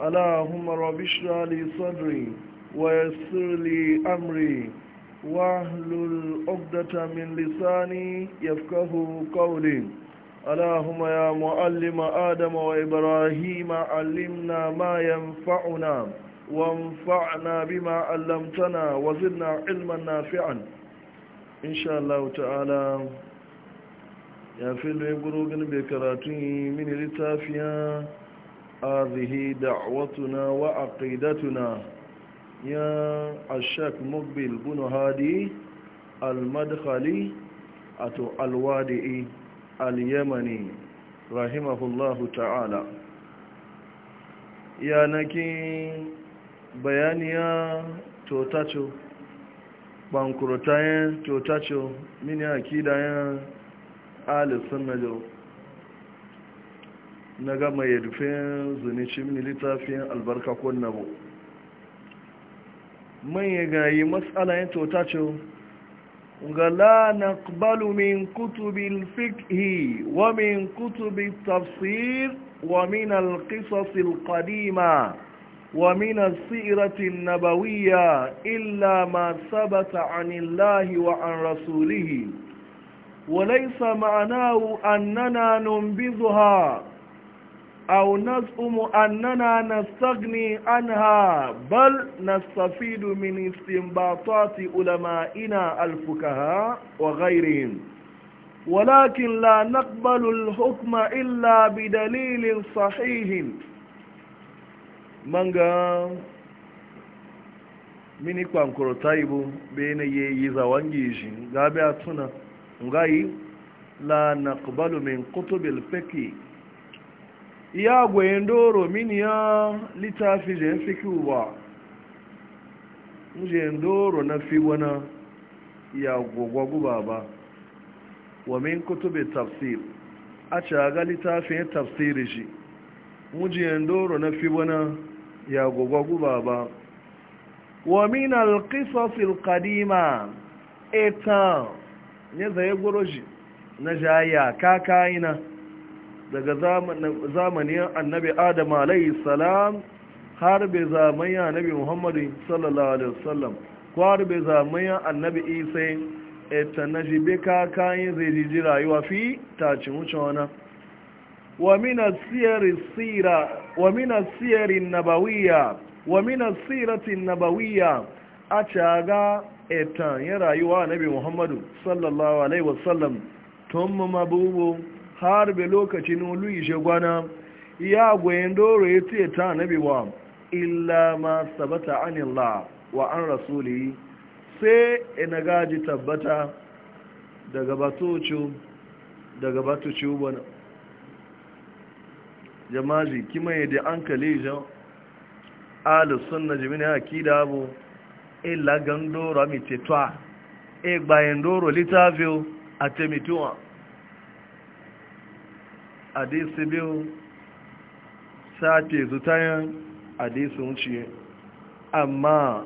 اللهم رب اشرح لي صدري ويسر لي امري واحلل عقدة من لساني يفقه قولي اللهم يا معلم ادم وابراهيم علمنا ما ينفعنا وانفعنا بما علمتنا وزدنا علما نافعا ان شاء الله تعالى يا فيلم يقولون بكراتي من لتافيا هذه دعوتنا وعقيدتنا يا الشيخ مقبل بن هادي المدخلي أتو الوادئي اليمني رحمه الله تعالى يا نكي بيانيا توتاتو bankurtayen totacho mini akidayen alisun najo na gama ya rufin mini littafin albarka ko nabo manya gayi matsalayin tautacin ga la na ƙbalu min kutubin fikhi wa min kutubin tafsir wa min alkisosin kadima wa min asiratin nabawiya illa ma sabata anillahi wa an rasulihi وليس معناه أننا ننبذها أو نزعم أننا نستغني عنها بل نستفيد من استنباطات علمائنا الفكهاء وغيرهم ولكن لا نقبل الحكم إلا بدليل صحيح من قام من taibu bene بين yiza وانجيش قابعتنا لا نقبل من قطب الفكي ya gwayin doro mini ya littafi jen fiki uba jen na fi wana ya gwagwagu baba wa min kutube tafsir a caga littafin tafsiri shi mujiyan doro na fi wana ya gwagwagu baba wa min alkisosil kadima etan nye zaye gworo shi na jaya kaka ina daga zamanin annabi adam alayhi salam har bai zamanin annabi muhammadu sallallahu alaihi wasallam ko har bai zamanin annabi isa ita e na kakayin zai jiji rayuwa fi ta ci wuce wana ومن nabawiya wa mina السيرة nabawiya a caga يرى e ya rayuwa annabi muhammadu sallallahu alaihi wasallam tun mabubu har be lokacin olu ishe gwana ya gwayen doro ya ce ta nabi wa illa ma sabata anillah wa an rasuli sai ina gaji tabbata daga batocu daga batocu bana jamaji kima yadda an kalijan alusun na jimini akida abu illa gandoro amitetuwa e gbayen doro littafi a temituwa hadisi biyu sake zutayen hadisi wuce amma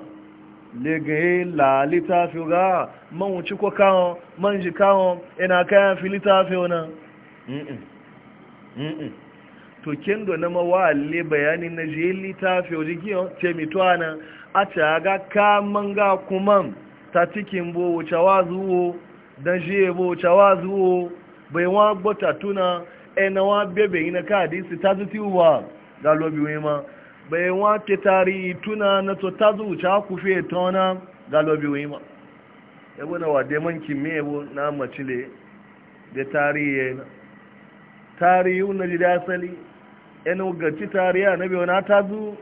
legaye la littafi ga man wuce ko kawon man ji kawon ina kayan fi littafi wani to kendo na mawalle bayanin na je littafi wajen giyon temituwa nan a ta ga kaman ga kuma ta cikin bo wucewa zuwo don je bo wucewa zuwo bai wa gbata tuna ena wa bebe ina ka hadisi ta zuti uwa ga lobi ma? bai wa ke tarihi tuna na to ta zuwa kufe tona ga lobi wema ebo na wade man kimme ebo na macile da tarihi na tarihi na jida asali ena ugarci tarihi na biyu na ta zuwa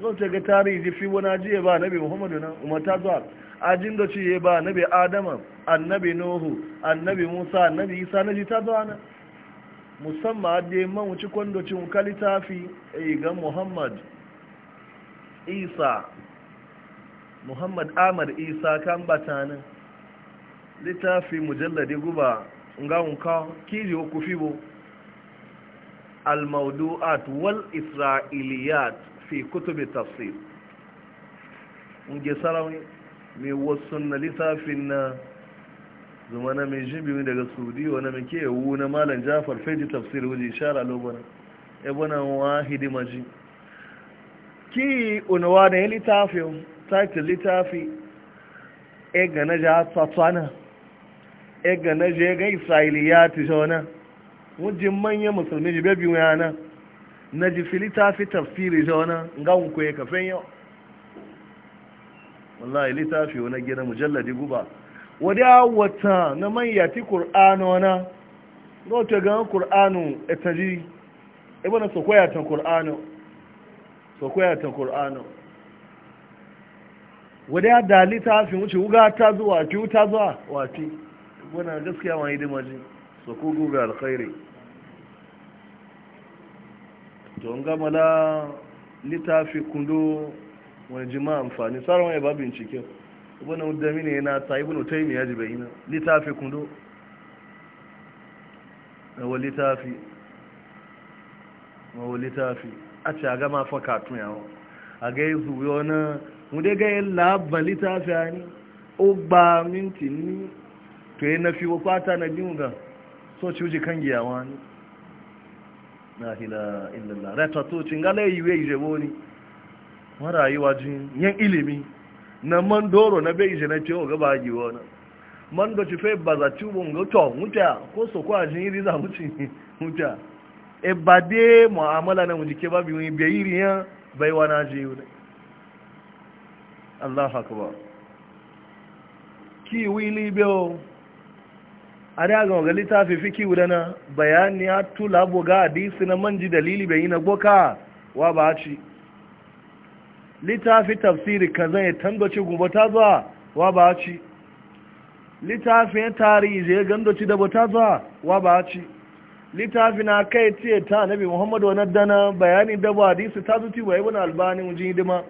non ta ga tarihi ji fi wani ajiye ba nabi muhammadu na umar ta zuwa ajin da ciye ba nabi adama annabi nuhu annabi musa annabi isa na ji ta zuwa na musamman dai man wuce kwandocin wuka littafi eh, ga muhammad isa muhammad ahmad isa kan batanin littafi mujalladi guba nga wuka kiri ku fibo al at wal isra'iliyat fi kutubi tafsir unge sarawi mai wasu na littafin na zuma na mai jibi daga saudi wani mai ke wu na malam jafar feji tafsir wuji shara lobana ebona wahidi maji ki unawa da ya littafi um, title littafi e gana ja tsatsana e gana je ga ti shona wujin manyan musulmi jibe biyu yana na ji filitafi tafsiri shona ga hunkuye kafin yau wallahi littafi wani gina mujalladi guba wadda wata na manyati ƙur'anu wana ta gan ƙur'anu etaji ibana sokoyatan ƙur'anu sokoyatan ƙur'anu wadda dalita fi wuce wuga ta zuwa ki wuta zuwa wafi ibana gaskiya wani dimaji soko guga alkhairi don gamala littafi kundo wani jima amfani tsarin ya babin cikin ibn udamini yana ta ibn taymi ya jibe ina litafi kundo wa litafi wa litafi a ci a gama fa katun yawo a ga yi zuwa na mude ga yin labba litafi a ni o gba minti ni to yi na fi kwata na biyu ga so ci uji kan giyawa ni na hila illallah rata to cin gala yi yiwe yi jebo ni mara yi yan ilimi na mandoro na bai na ce ga ji wani man da ci fai ba za ci bu nga to muta ko so ko ajin iri za muci muta e ba de mu'amala na mujike ba bi bi iri ya bai wana ji wani Allahu akbar ki wili beo ada ga ga litafi ki wudana bayani ya tula ga hadisi na manji dalili bai na boka wa ba ci littafi tafsiri ka zai tangoci gubo ta zuwa wa ba ci littafin tarihi zai gandoci da bota zuwa wa ba ci littafi na kai ce ta nabi muhammadu wa dana bayani da ba hadisi ta zuci wa ibn albani mujin hidima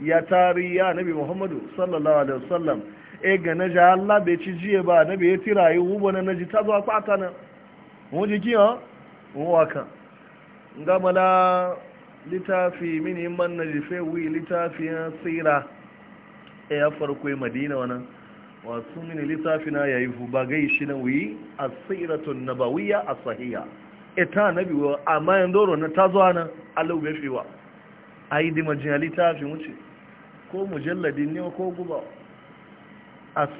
ya tari ya nabi muhammadu sallallahu alaihi wasallam e ga na ja Allah bai ci jiye ba nabi ya tira yi wubo na naji ta zuwa kwata na mujin kiyo waka ngamala littafi mini man na jefe wi littafin tsira e ya farko madina wannan wasu mini littafi na ya yayi ba shi na wi asiratun nabawiyya asahiya ita e, na wa amma yan doro na zuwa na Allah bai fiwa ayi di majina littafi wuce ko mujalladin ne ko guba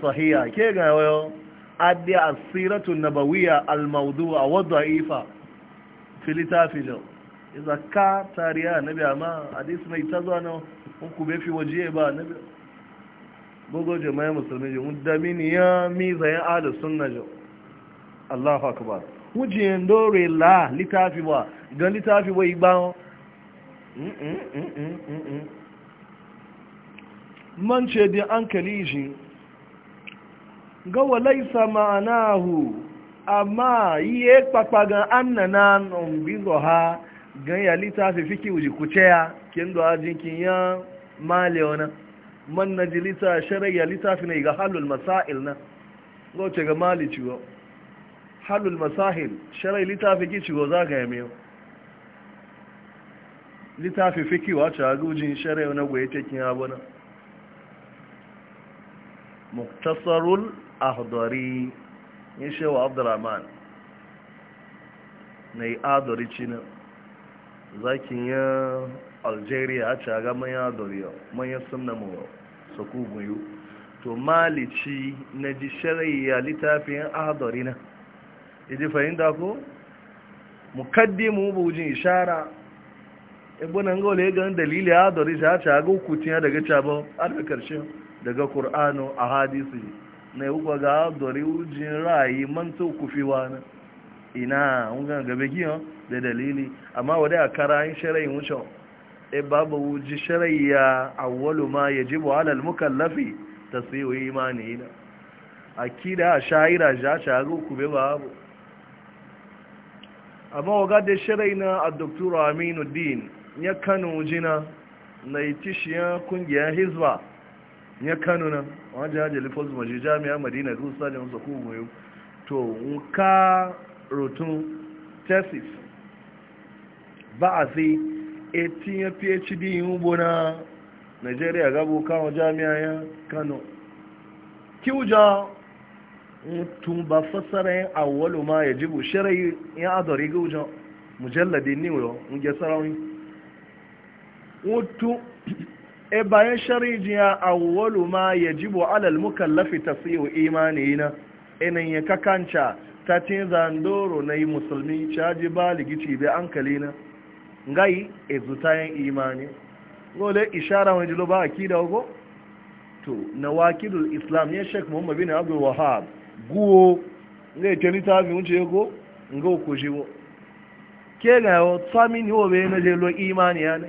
sahiya ke ga wayo addi al-maudu a wadda ifa fi littafi jau zakka tariya nabi amma hadisi mai ta zuwa nan kun ku fi waje ba nabi gogo jama'a musulmi ji muddamini ya mi zayan ala sunna ji Allahu akbar wuje dore la litafi ba ga litafi ba igba mm, mm, mm, man ce da an kaliji ga walaisa ma'anahu amma yi papagan annana nan bizo ha gan ya fi fiki wuji kuceya kin do kin ya male wana man na ji lita sharai ya littafi ne ga halul masail na goce ga mali ciwo halul masahil sharai littafi ki ciwo za ka yame fi fiki wace a gujin sharai wani gwaye tekin abuna muktasarul ahdari ya shewa abdurrahman na yi adori cinan zakin ya algeria a caga manya doriya manya suna mawa su ku to malici na ji shari'a littafin adari na iji fahimta ko mukaddimu bujin ishara ibunan e ga ya gani dalili a ta caga hukutiya daga a arka karshe daga kur'anu a hadisi na yi ga adari ujin ra'ayi manta kufiwa na ina ungan gabe giyo da dalili amma wadai a karayin sharayin wucin e babu wuji sharayya walu ma yajibu ala al-mukallafi tasiyu imani na a shaira ja shago kube babu amma waga da na a doktor din ya kano jina na itishiyar kungiyar hizba ya kano na wajen hajjali fosmaji jami'a madina rusa da masu kogoyo to nka rotun tesis ba a sai etin ya phd yi ugbo na nigeria gabo kawo jami'a ya kano kiwuja tun ba yin awwalu ma ya jibu shirai ya adari gaujan mujalladin niwuyo nge sarauni tun e bayan sharijiya awwalu ma ya jibu alal mukallafi tasiru imani na inan ya kakanca ta ce zandoro na yi musulmi caji baligici bai an kalina gai ezutayen imani gole ishara wani jilo ba a kida ogo to na wakilul islam ya shek Muhammadu bin abu wahab guwo ni ta littafi wuce ego nga uku jiwo ke ga yawo tsami ni obe na jelo imani ya ne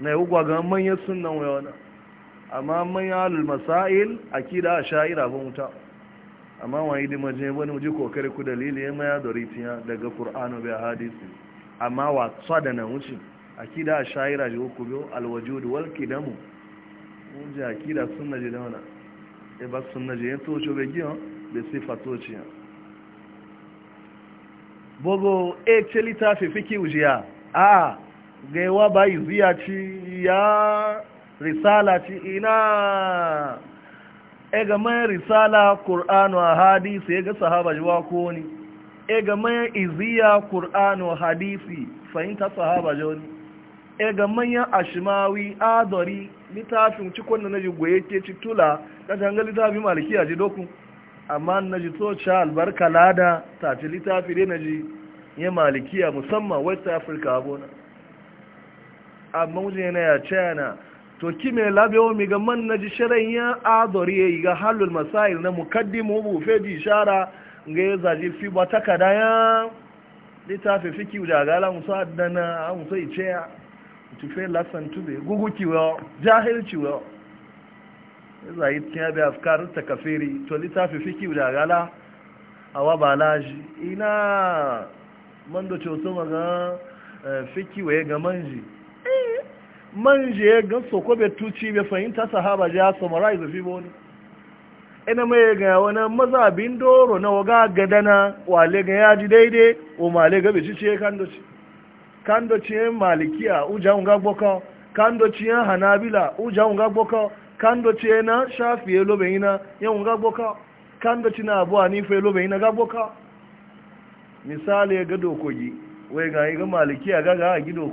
na yi ugwa ga manyan sunan wayo na amma manyan alul masail kida a sha'ira ba mutu amma yi da maje wani uji kokari ku dalili ya maya da ritiya daga Kur'anu bai hadisi amma wa tsada na wuce akida shaira ji ku biyo alwajud wal kidamu wuce akida sunna ji da wana ya e ba na ji ya tocho bai giyo bai sifa ya bogo e ce littafi fiki wujiya a gaiwa ba yi ziya ci ya risala ci ina E ga mai risala a hadisi ya e ga sahaba jiwa ko ni e ga mai iziya a hadisi fahimta sahaba joni ega mai ashimawi adori litafin cikon na ji goye ke ci tula da tanga litafi a ji doku amma na ji to cha albarka lada ta ci litafi dai na ji ya a musamman west africa abona amma yana ya china to kime labe mi miga man na ji shirin ya adori ya e yi ga halul masail na mukaddimu bufe ji shara ga ya zaji fi ba takada ya littafi fiki da gala musu adana a musu ice ya fe lasan be gugu wa jahil wa ya zaji tiya bi afkar ta kafiri to littafi fiki da gala a wa ba ji ina eh, man da coso maga fiki wa ya ga manji man je gan soko be tuci bai fahimta sahaba ya summarize zafi wani ina mai ga wani mazabin doro na waga gadana wale ga ya ji daidai o male ga bici ce kandoci kandoci malikiya uja unga gboko kandoci hanabila uja unga gboko kandoci na be ina ya unga gboko kandoci na abu be ina ga gboko misali ga dokogi wai ga yi ga malikiya ga ga a gido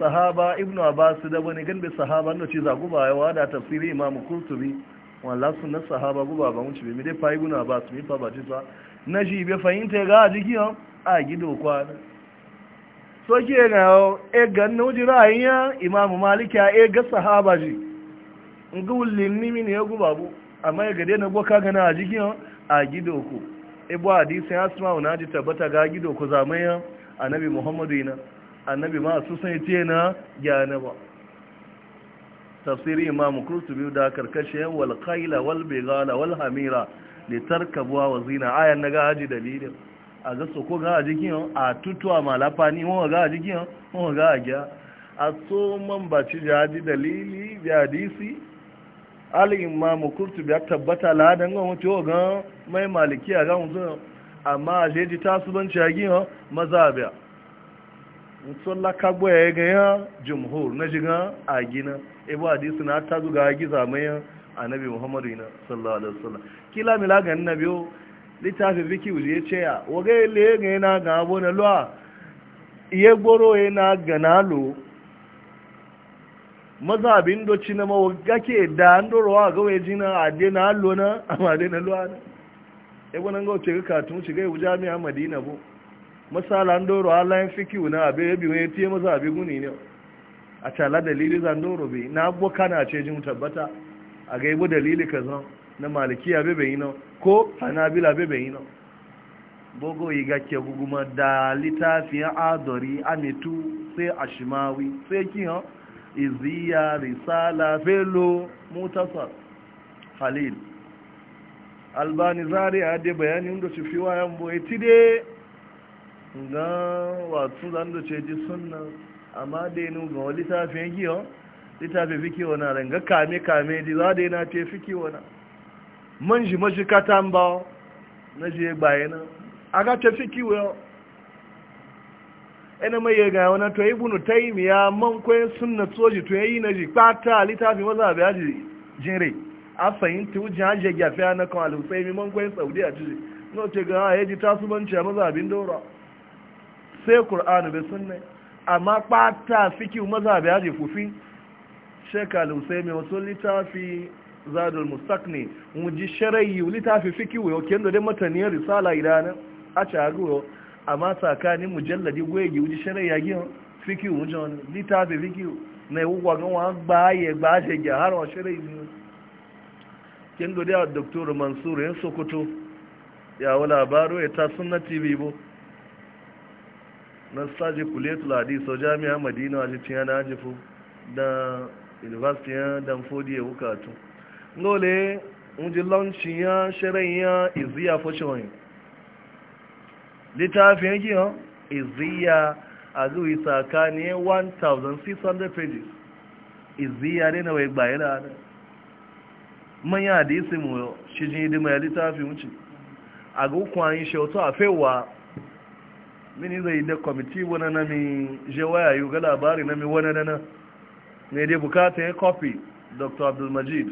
sahaba ibnu abbas da wani ganbe sahaba no ci za guba ya wada tafsiri imam kurtubi wala sunna sahaba guba ba mun ci be dai fa ibnu abbas mi fa ba ci ba na ji be fahimta ga jiki a gido kwa so ki e ga e gan no ji ra'ayin imam malik ya e ga sahaba ji ngulin ni min ya e guba bu amma e ga dai na ka ga na jiki a gido ku ibu hadisi asma na ji tabbata ga gido ku zamai annabi muhammadu ina annabi ma su sai ce na gyana ba tafsiri imam kurtubi da karkashe wal qaila wal bigala wal hamira li tarkabuwa wa zina ayan na ga haji dalilin a ga ko ga haji kin a tutuwa malafa ni mo ga haji kin mo ga gya a so man ba ci haji dalili bi hadisi al imam kurtubi tabbata la dan ga mutu ga mai maliki a ga mutu amma je ji tasubanci a gin mazabiya mutuwalla kagbo ya yi ganyan jumhur na jigan a gina ibu e, hadisi na ta zuga a giza mayan annabi muhammadu na sallallahu alaihi wasallam kila mila ga na biyo littafin biki wuje ce ya waga ile ya ganyan na ga abu na luwa iya gboro ya na gana lo maza abin doci na mawaga ke da an dorowa ga waje jina a de na lo na amma de na luwa na ibu e, nan ga wuce ga katun shiga ibu jami'a madina bu an doro halayen fiki wuna abe ya biyu ya tiye masa abe guni ne a cala dalili zan doro bi na abuwa kana ce jin tabbata a ga dalili ka zan na malikiya bai bai nan ko hanabila bai bai nan bogo yi gake guguma da littafiyan adori amitu sai a shimawi sai ki kiyan iziya risala felo mutasar halil albani zari a da bayanin da su fi wayan boye ti dai ga watu zan da ce ji sunna amma dai nu ga littafin giyo littafin fiki wana ran kame kame di za dai na ce fiki wana man ji maji katan ba na je gbaye na aga ce fiki wa ina mai ya ga wana to ibnu taymiya man koyin sunna soji to yi na ji kpata littafin waza ba ji jere a fahimta wujen hajjiyar gafiya na kan alusai man koyin saudi a ciki na ce ga ya ji tasubanci a mazabin daura sai ƙur'anu bai sunna amma ɓata fikin maza bai haji fufi shekalu sai mai wasu littafi zadul mustaqni ji sharayi littafi fikin wuyo yau kendo dai mataniyar risala idanan a caguwa amma tsakanin mujalladi gwegi wuji sharayi ya gina fikiyu wujen littafi fikin na iwu gwagon gbaye gbashe gyara wa sharayi ne kendo dai a doktor mansur yan sokoto ya wula baro ya ta sunna tv bo na saji kuletul hadiso jami'a madina a jikin yana ajifu da university ya danfodi ya wukatu ngole unji launcin ya shirin ya iziya fashiyoyi littafin yake yan iziya a zuwi tsakani 1600 pages iziya ne na wai bayana ne manyan hadisi mu shi jini dima ya littafin wuce a gukwanin shautu a fewa mini zai da kwamiti wani na mi je waya yi ga labari na mi wani na ne dai bukata ya kofi dr abdulmajid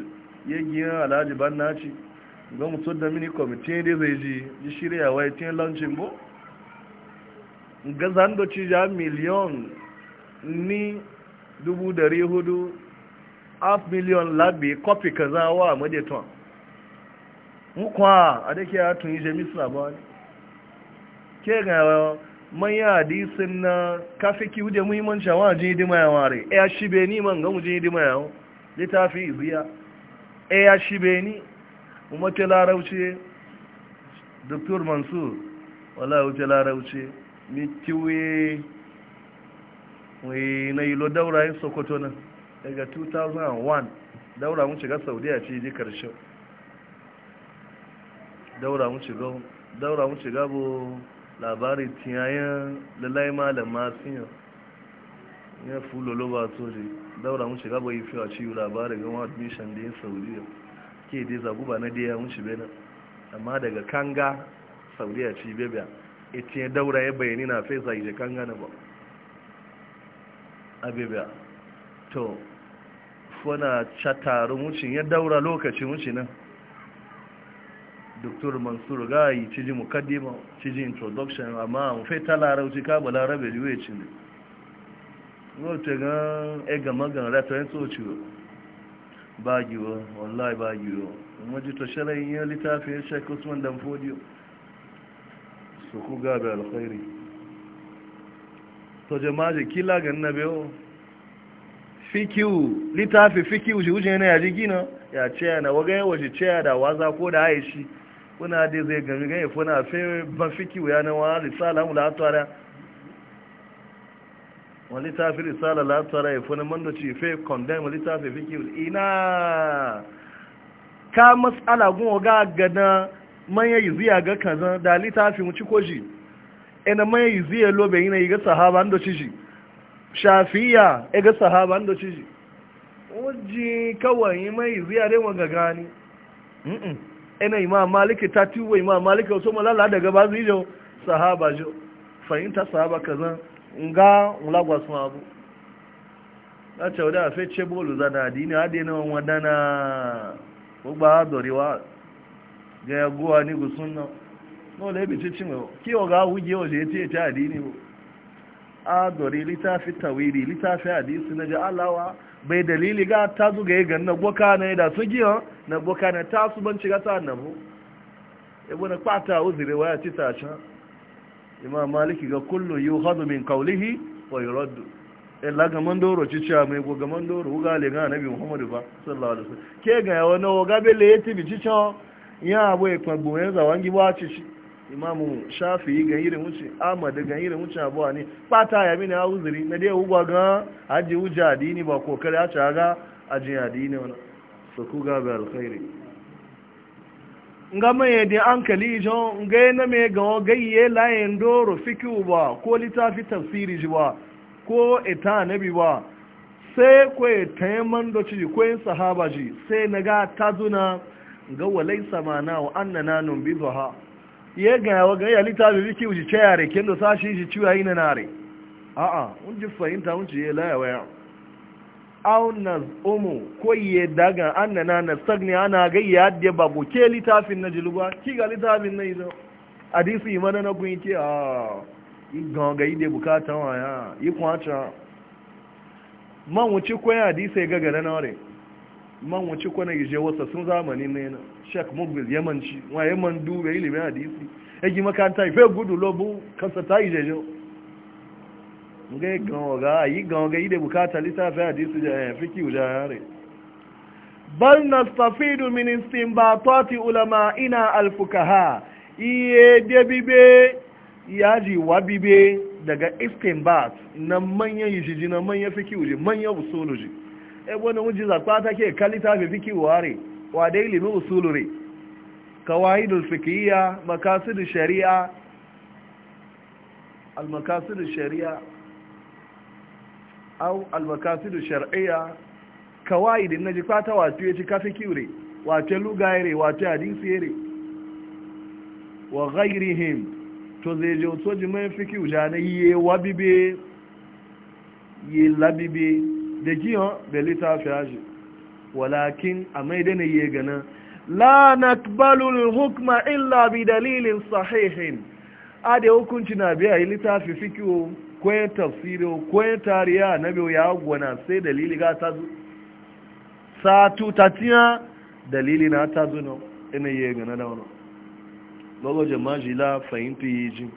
ya gina alhaji ci ga mutum da mini kwamiti ne zai ji ji shirya wai tiyan launcin bo ga zandoci ja miliyon ni dubu dari hudu half million labi kofi kaza wa madaiton mukwa a da ke ya tun yi jami'is labari ke ga Mai manya hadisin na kafi ki wuje muhimmanci wa jini dima ya ware e ya shibe ni man gamu mujin dima ya littafi iziya e ya shibe ni umarci larauce dr mansur wala wuce larauce ni kiwe na ilo daura yin sokoto nan daga 2001 daura mun shiga saudiya ce ji karshe daura mun shiga bu labari tiyayen lalai malam masu yau ya fulo loba toje daura mun shiga bai fiwa ciwo labari ga wa admission da ya saudiya ke dai zaguba na dai ya mun shi bena amma daga kanga saudiya ci bebiya ita ya daura ya bayani na fesa ije kanga na ba a bebiya to fana chatarun wucin ya daura lokaci wucin nan Dr. Mansur Gayi ciji mukaddima ciji introduction amma mu fai ta larauci ka ba larabe riwe ci ne. Rote gan ega magan rata yin tsoci ba giwa wallahi ba giwa. Maji to sharayin yin littafin Sheikh Usman Danfodiyo. Su ku gabe alkhairi. To jama'a kila ga na biyo. Fikiu littafi fikiu shi wuce yana yaji gina ya ce na waga yawa shi ce da waza ko da haishi. Kuna dai zai gami gani funa fi ban fiki wuya na wani risala mu latara wani tafi risala latara ya funa mando ci fi condemn wani tafi fiki ina ka matsala gun ga gana manya yi ziya ga kaza da litafi mu ci koji ina manya yi ziya lobe na yi ga sahaba ando ci shi shafiya ya e ga sahaba ando ci shi wajen kawai mai ziya dai wanga gani mm -mm. ina imam maliki ta tuwo imam maliki wasu malala daga ba zuwa sahaba jo fayinta sahaba kaza nga mulagwa sun abu na ce fe a fece bolu zana adini adi na wadana gbogbo adorewa ga ya ni gusun nan no da ibi cikin yau kiwo ga hujje wa je e ta adini adore littafi tawiri fi hadisi na ji alawa bai dalili ga ta zuga ya ganna boka na da su giyan na boka na ta su banci ga ta annabu ibu na kwata uzire waya ci ta can imam maliki ga kullu yi hadu min kaulihi wa raddu illa e ga man doro ci cha mai go ga man doro wuga le ga anabi muhammadu ba sallallahu alaihi wasallam ke ga wani ga ya yati bi ci cha ya abu e kwa bu ya zawangi ba ci imamu shafi gan irin wuce ahmad gan wuce abuwa ne bata ya mini hauzuri na dai ugwa ga haji wuce adini ba kokari a ci aga ajin adini wani su ku ga alkhairi nga mai yadda an kali jo nga yana mai gawo gayye layin doro ba ko littafi tafsiri ji ba ko ita bi ba sai kwa ta yi mandoci ko yin sahaba ji sai na ga tazuna ga walai samana wa annana bi zuwa. ya gawa ga ya littafi biki uji ce yare kin sashi shi ciwa ina na nare a'a mun ji fahimta mun ci ya laya waya aw umu ko ya daga annana na sagni ana ga ya babu ke littafin na jiluba ki ga littafin na izo hadisi imana na kun ki? a gan ga ide bukata wa ya yi kwacha man wuce ko ya hadisi ga ga na nare man wuce kwana gije wasa sun zamani ne na shek mugbil yamanci wa yaman dube ilimin hadisi ya yagi makanta ife gudu lobu kansa ta ije jo ga gawa a yi gawa yi da bukata littafi hadisi da ya eh, fiki wuja yare bal nastafidu min ulama ina alfukaha iye debibe yaji wabibe daga istinbat na manyan yijiji na manyan fiki wuje manyan usoloji ebo na wuji zakwa ta ke kalita fi fiki ware wa dai limi usulure kawaidul fikiyya makasidu shari'a al-makasidu shari'a au al-makasidu shar'iyya na naji kwata wato ya ci ka fikire wato lugayre wato hadisi yare wa ghairihim to zai je to jimin fikiyu jana yi wa bibe yi labibe da giyon da littafi haji walakin a mai dana yi gana la balul hukma illa bi dalilin sahihin a da hukunci na biya yi littafi fikiyo ko ya tafsiri tariya na biyu ya gwana sai dalili ga ta zu satu tatiya dalili na ta zu no ina yi gana da wani logo jamaji la fahimta yi ji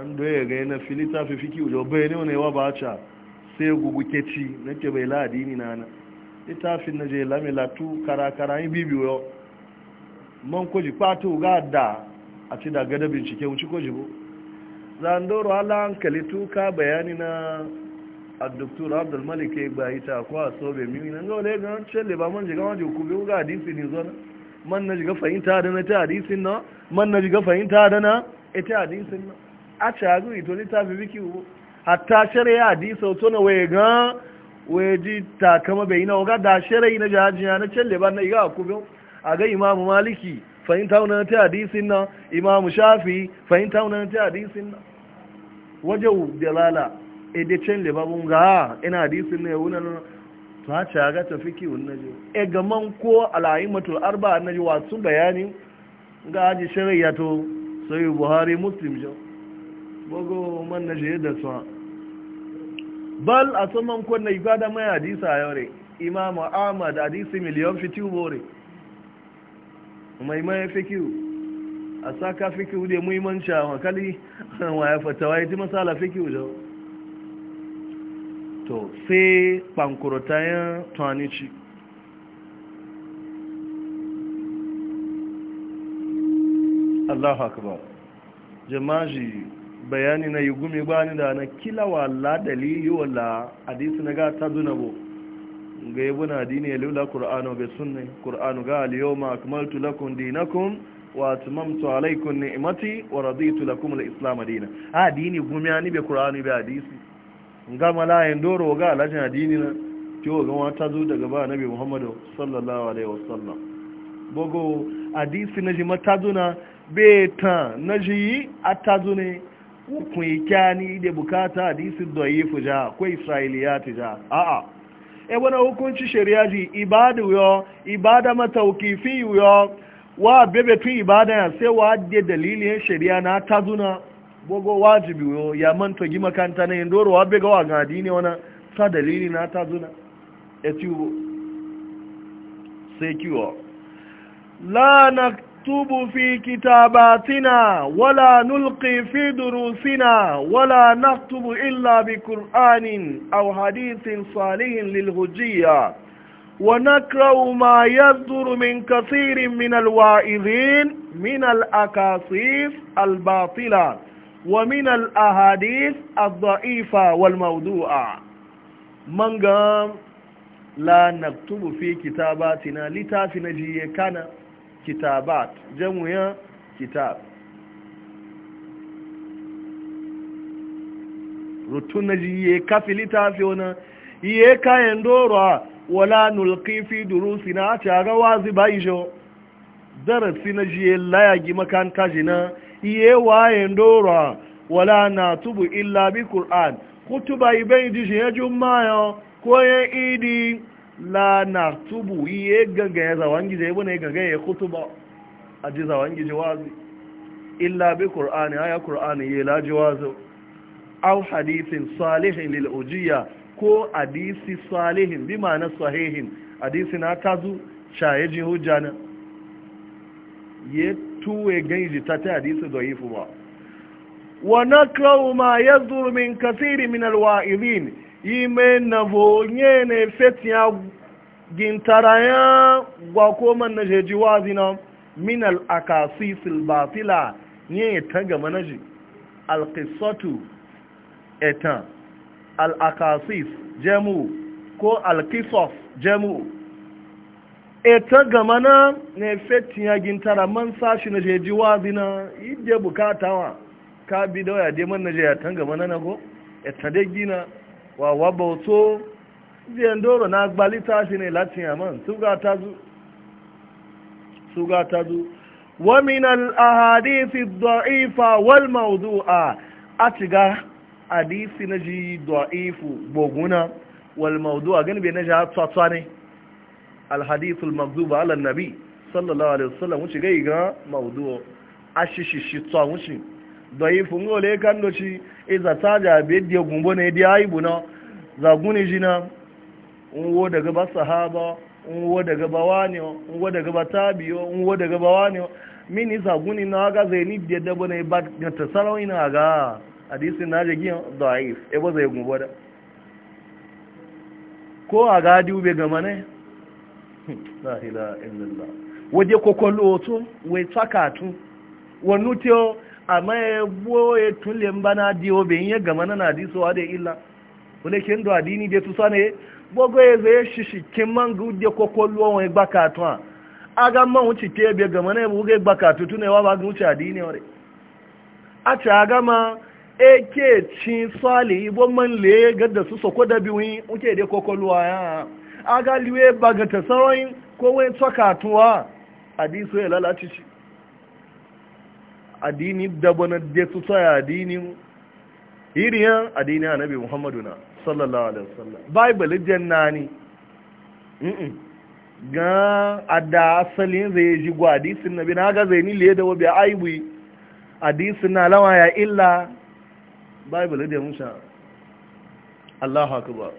an doye ga yana filita fi fikiyo da bayanewa ne wa ba a ca sai gugu ci na ke bai ni na na littafin na je lamilatu karakara kara yi bibiyo man koji kwato ga da a ci da gada bincike wuce koji bu zandoro ala kalitu tuka bayani na a abdul abdulmalik ya gbayi ta kwa so bai mimi na gaule ga celle ba man jiga wani hukumi ga hadisi ne zo man na jiga fahimta da na ta hadisi na man na jiga fahimta da na ita hadisi na a ci hagu ito littafi biki hatta shari'a hadisa to na waye ga waye ji takama bai na ga da shari'a na jiya na can leban na iya ku a ga imamu maliki fahimta wannan ta hadisin na imamu shafi fahimta wannan ta hadisin na waje dalala e de can leban ga ina hadisin ne wannan to ha ta ga ta fiki wani je e ga man ko alaimatul arba na ji wasu bayani ga aji shari'a to sai buhari muslim jo bogo man na je da su bal a saman yi ifada mai hadisa yau re imam ahmad hadisi miliyan fitiu bore mai mai fikiu a saka fikiu da muhimmanci a makali wa ya wa ya ji masala fikiu da to sai pankurotayen tuwanici Allahu akbar jama'a bayani na yi gumi ni da na kila wala dalili wala hadisi na ga ta zuna bo ga yi buna dini ya lula ƙur'anu bai sunni ƙur'anu ga aliyoma akmaltu lakum dinakun wa alaikun alaykum imati wa raditu lakum al-islam adina a dini gumi ani be qur'ani be hadisi ga malayin doro ga alajin adini na to ga wata zo daga ba nabi muhammadu sallallahu alaihi wasallam bogo hadisi na ji matazuna bai ta a atazune yi kyani da bukata hadisi da'ifu ja ko isra'iliyati ja a'a e wani hukunci shari'a ji ibada matauki ibada mataukifi yo wa bebe tun ibada ya sai wa da dalilin shari'a na tazuna bogo wajibi yo ya manta gi makanta ne ndoro wa bega wa ga dini wana ta dalili na tazuna e tiwo sai kiwo la na نكتب في كتاباتنا ولا نلقي في دروسنا ولا نكتب إلا بقرآن أو حديث صالح للهجية ونكره ما يصدر من كثير من الواعظين من الأكاصيف الباطلة ومن الأحاديث الضعيفة والموضوعة من قام لا نكتب في كتاباتنا لتافي نجيه كان kitabat ya kitab rutun na ji iye kafi littafi wani iye kayan dorowa wala nulki fi durusi na ake aga wazi darasi na ji layagi makanta ji na iye wayan dorowa wala na tubu illa bi kur'an kutuba ibe ji ya jumma ko ya idi la nartubu iye ganga ya zawangije ya bane ganga ya kutuba a ji zawangije wazi illa bi qur'ani aya qur'ani ya laji wazi au hadithin salihin lil ko hadisi salihin bi na sahihin hadisi na tazu shayejin hujja na ya tuwe ganji ta ta hadisi yi ba wa kawo ma yadhur min kasiri min alwa'idin ime na bo nye ne feti ya gintara ya gwa koman na jeji wazi na min al'akasi silbatila nye ta gama na ji alkisatu etan al'akasis jemu ko al'kisof jemu eta gama na ne feti ya gintara man sashi na jeji wazi na ide bukatawa ka bi da waya man na je ya tanga gama na ko eta dai gina wa wabba to biyan doro na gbalita shi ne latin yaman suga ta zu suga ta zu wa min al-ahadithi ad-da'ifa wal mawdu'a atiga hadisi na ji da'ifu boguna wal mawdu'a gani bai na ja tsatsa ni al-hadith al-maghdub ala an-nabi sallallahu alaihi wasallam wuce ga ga mawdu'a ashishi shi tsawushi daifin ole kan eza taja saja bediya gumbo ne da yayi buna zaguni jina unwo daga ba sahaba unwo daga ba wani unwo daga ba tabiyo unwo daga ba wani mini guni na ga zai ni da dabo ne ba ga tasarawi na ga hadisi na jigi daif e ba zai gumbo da ko a ga diube ga mane la ilaha illallah waje kokolo to wai tsakatu wannu teo amma ya buwo ya tunle mba na di obe ihe gama na na di so ade illa wale ke ndo adini de tusane bogo ya zai shishi kin man gude kokoluwa wani gbaka tuwa aga man wuce ke be gama na ya buge gbaka tutu ne ba guce adini wale a ci aga ma eke ci sali ibo man le gadda su ko da biwi wuce de kokoluwa ya aga liwe bagata saroyin ko wani tsaka tuwa adiso ya lalace addini dabana da su tsaya addini iriyan addini annabi muhammadu na sallallahu alaihi wasallam bible janna ni ga ada asalin zai ji gwa hadisin nabi na ga zai ni da wabi aibu hadisin na lawa ya illa bible da musa Allahu akbar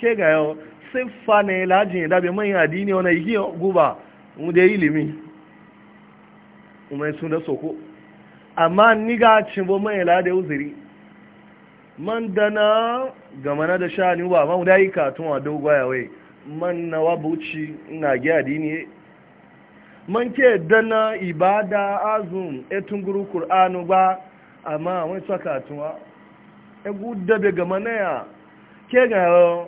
ke ga yau siffa ne lajin ya be mai addini wani yi guba mu da ilimi umai sun da soko amma ni ga cimbo mai da uzuri man na gama na da sha'ani ba ma da yi katon wa dogwa yawai man na wa buci na gi adini man ke dana ibada azum etun guru qur'anu ba amma wani saka tuwa e gudda be gama na ya ke ga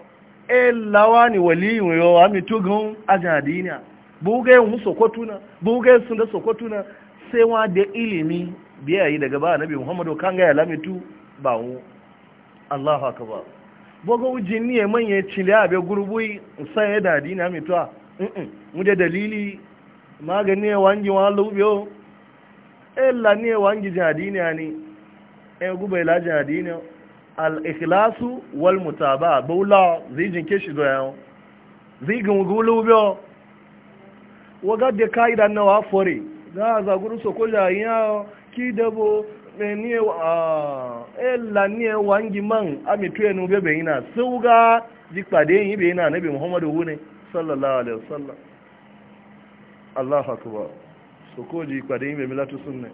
e lawani waliyu yo ami tugun ajadina buge mu sokotuna buge sun da sokotuna sai wa da ilimi biyayi daga ba nabi muhammadu kan gaya lamitu ba wu allahu ba boga ujin niye manye ciliya be gurbui san ya dadi na mitu a mu da dalili magani ya wangi wa lubiyo illa ne wangi jadini ani e eh, gubai la jadini al ikhlasu wal mutaba wula zijin keshi do yawo zigin gulu biyo Wagadde ka kaida na wa fori. za a za ko jayi yawo kidabo dabo me ni wa ah, ella eh, ni wangi man ami tuye nu bebe ina suga jikpade yin be ina nabi muhammadu hune sallallahu alaihi wasallam allahu akbar so ko jikpade yin be milatu sunne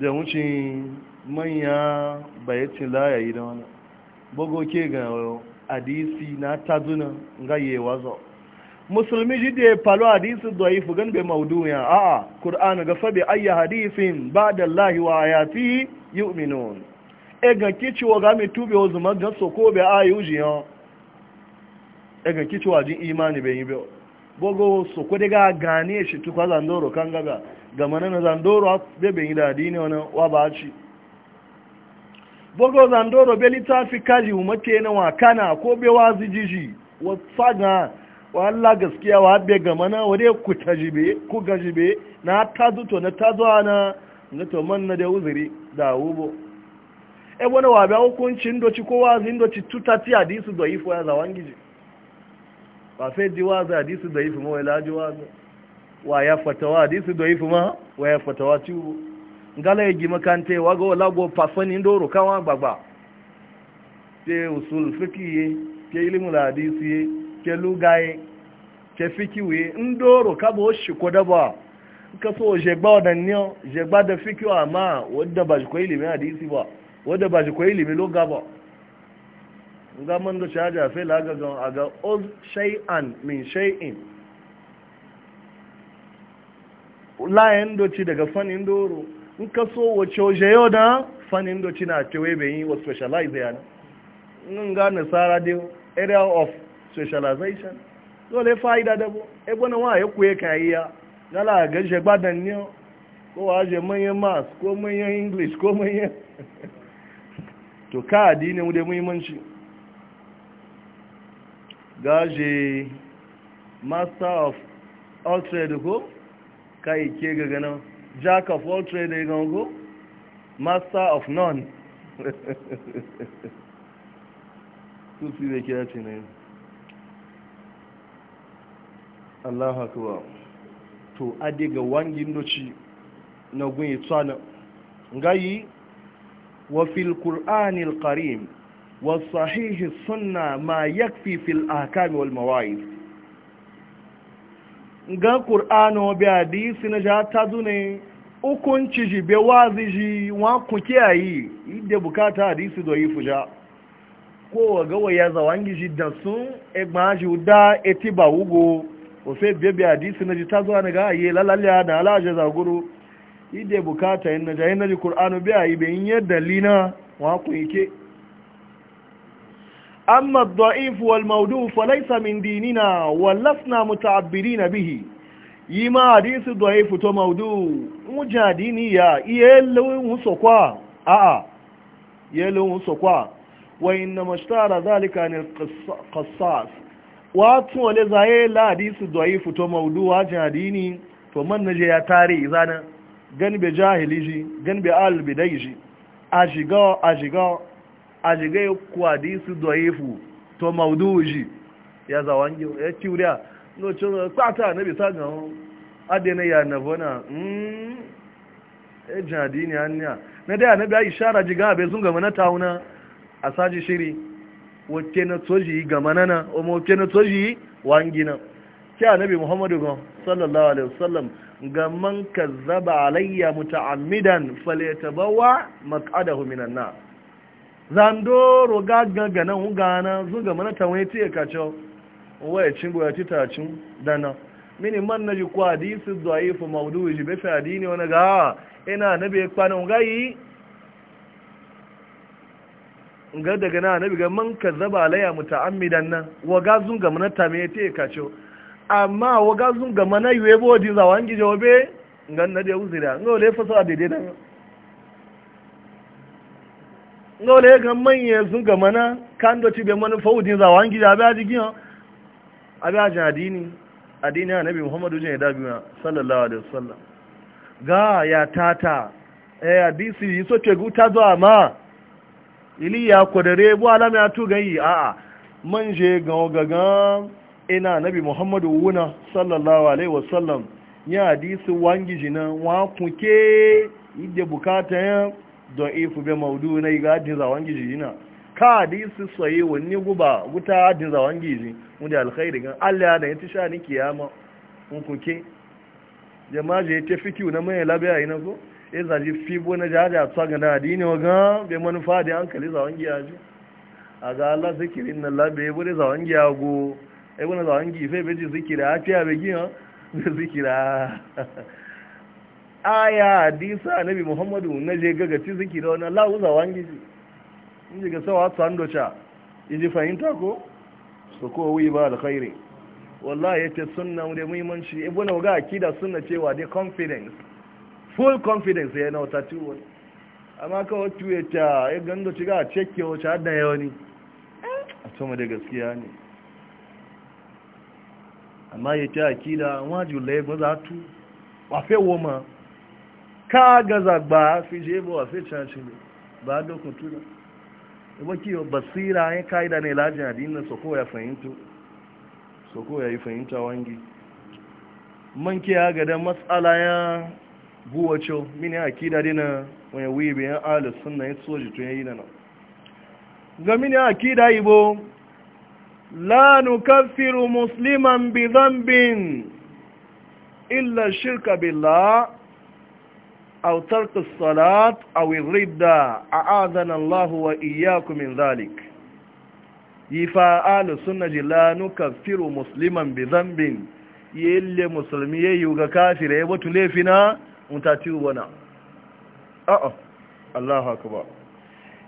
da wucin manya bayacin layayi da wani bugo ke ga adisi na tazuna ga yewa zo musulmi ji da falo hadisi dhaifu gan be mawdu'a a qur'an ga fa bi ayi ba da lahiwa ya fi yi e ga kici wa ga mi tube o zuma ga so ko be ayu ji yo e ga kici wa ji imani be yi be bogo so ko daga gane shi tukwa zandoro kan gaga ga manana zandoro be be yi da dini wannan wa ba ci zandoro be litafi kaji umake na Wakana kana ko be wazi jiji wa faga wala gaskiya wa be gama na wade ku tajibe ku gajibe na ta to na tazu zuwa na to man na da uzuri da hubo e wani wa be hukuncin doci ko wazin doci ti hadisi da ifo ya zawangiji ba sai ji wazi hadisi da ifo mawai laji wazi wa ya fatawa hadisi da ifo ma wa ya fatawa ciwo ngala ya e gima kante wa ga wala go fafani ndoro kawa gbagba ke usul fikiye ke ilimin hadisi ke lugaye ke fikiwe ndoro kaba oshi ko daba ka so je gba wadanniyo je gba da fikiwa amma wadda ba ilimi ko ilimin hadisi ba wadda ba shi ko loga ba ga man da caja fe laga ga aga oz shay'an min shay'in layan doci daga fanin doro in ka so wace waje yau da fanin doci na tewe bayi wa specialize yana in ga nasara dai area of socialization dole fa'ida dabo ebe na wa ya kuye kayiya gala ga je gbadan ne ko wa je manyan mass ko manyan english ko manyan to ka addini mu da muhimmanci gaje master of all trade ko kai ke ga gana jack of all trade ga go master of none su su da kira ce ne Allah haka to adiga wangin doci na gunyi tsana gayi wa fil qur'anil karim wa sahihi sunna ma yakfi fil ahkam wal mawa'i ga qur'ano biya hadisi na ja ta zune ukunci ji be wazi ji wa ku kiyayi idda bukata hadisi do yi fuja ko ga waya zawangi ji da sun egbaji da etiba ugo ofe bebe hadisi na ji ta zuwa daga ga aye lalalya na alaje zaguru ide bukata yin na jayin na ji kur'anu bi a yi bayin yadda lina wakun ike amma da'if wal maudu fa laysa min dinina wa lasna muta'abbirina bihi yi ma hadisi da'if to maudu mujadini ya iye lewun sokwa a a iye lewun sokwa wa inna mashtara zalika ne qassas watu wale zaye la hadisu dhaifu to maudu'a jadini to man naje ya tare izana gan be jahili ji gan be al bidai ji ajiga ajiga ajiga ku hadisu dhaifu to maudu ji ya zawangi ya tiuria no cho kwata na bi saga adena ya bona mm e jadini anya na da na bi ishara jiga be zunga mana tauna asaji shiri Wake na tsoji ga manana o ma na tsoji wangina ki annabi muhammadu ga sallallahu alaihi wasallam ga man kazzaba alayya muta'ammidan falyatabawa maq'adahu minan nar nan gaga gana ugana ga mana tanwe tiye kacho waye chingo ya titachin dana mini man ji kwa hadisi dhaifu mawdu'i jibe fa dini wani ga ina nabi kwana ngai ga daga na nabi ga man kazzaba alayya muta'ammidan nan wa gazun ga mana tame te kacho amma wa gazun ga mana yebo di za wangi jobe ngan na de uzira ngo le faso a dede dan ngo le ga manye sun ga mana kan do ti be mana faudin za wangi da ba ji giyo abi a jadini adini annabi muhammadu jin da biya sallallahu alaihi wasallam ga ya tata eh hadisi yi so ke guta zo amma iliya kwadare bu alam ya tu gayi a'a man je ga gaga ina nabi muhammadu wuna sallallahu alaihi wasallam ya hadisi wangi jinan wa kuke ide bukata ya don ifu be maudu na ga hadin za wangi jina ka hadisi sayi wani guba guta hadin za wangi ji wanda alkhairi gan Allah ya da ya tisha ni kiyama kun kuke jama'a je ta fikiu na mai labiya ina ko ya zaji fibo na jaja a tsaga na adini wa gan bai manufa da hankali zawon giya ji a ga Allah zikirin na labe ya bude zawon giya go ya bude zawon giya fai bai ji zikira a fiya bai giya bai zikira aya na bi muhammadu na je gaga ci zikira wani Allah uza wangi ji in ji ga sawa in ji fahimta ko su ko wuyi ba alkhairi wallahi yace sunna da muhimmanci ibnu ga akida sunna cewa dai confidence full confidence ya na wata tuwo amma kawai tuwe ta ya gando ci ga cike wacce har eh? da yawani a sama da gaskiya ne amma ya ta akila waju lai ba za tu wafe woma ka gaza ba fi je ba wafe canci eh, ne ba dokun tuna ba kiyo basira ya ka'ida ne lajin adinin soko ya fahimtu soko ya yi fahimta wangi man ya gada matsala ya buwacin mini akida dina wani wibe ya alis suna yin soji tun yi na nan ga mini akida ibo la kafiru musliman bi zambin illa shirka billah aw tark as-salat a ar-ridda a'adana Allah wa iyyakum min dhalik yifa ji sunnati la nukaffiru musliman bi yi dhanbin yille muslimi yayu ga kafire yabo tulefina mutatiyu wana a'a Allahu akbar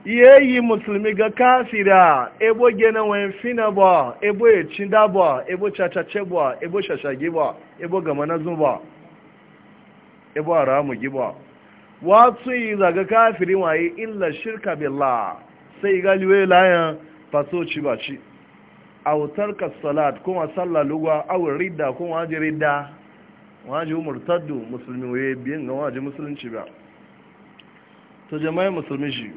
yeyi musulmi ga kafira ebo gena wen fina ba ebo chinda ba ebo chachache ba ebo shashagi ba ebo gamana zuba ebo aramu giba watu yi zaga kafirin waye illa shirka billah sai galiwe layan faso ci ba ci autar ka salat kuma lugwa aw ridda kuma ajrida waje murtaddu musulmi waye biyan ga waje musulunci ba to jama'a musulmi shi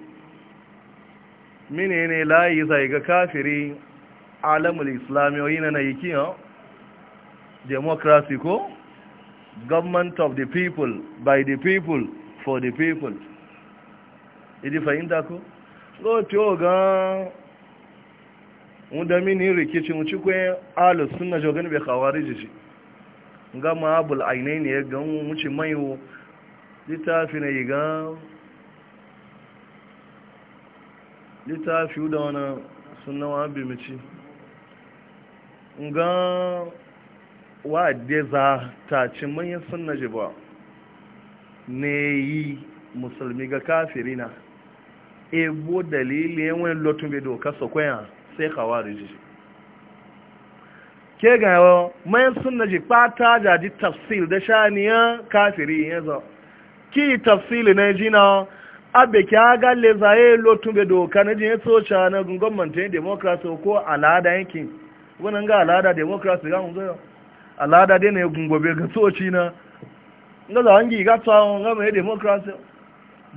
mine ne layi zai ga kafiri alamul islami wa na yiki ya democracy ko government of the people by the people for the people idi fahimta ko lo ti o gan wunda mini rikicin alùsùn na jọ bai kawari jishi gama abul ainai ne ya gan muci mayo littafi na ga littafi da wani abin mace ga wadda za ta ci manyan sunna jiba ne yi musulmi ga kafiri na ebo dalilin e wani lotun bai doka sakwaya sai kawar jiji ke ga mayan sunna ji fata jaji tafsil da shaniya kafiri ya zo ki tafsili na ji na abe ki aga le zaye lotun be doka e na jin socha na gwamnatin democracy ko alada yankin e wannan ga alada democracy ga mun zo alada dai ne gungobe ga soci na nga za wangi ga tsawo nga mai e democracy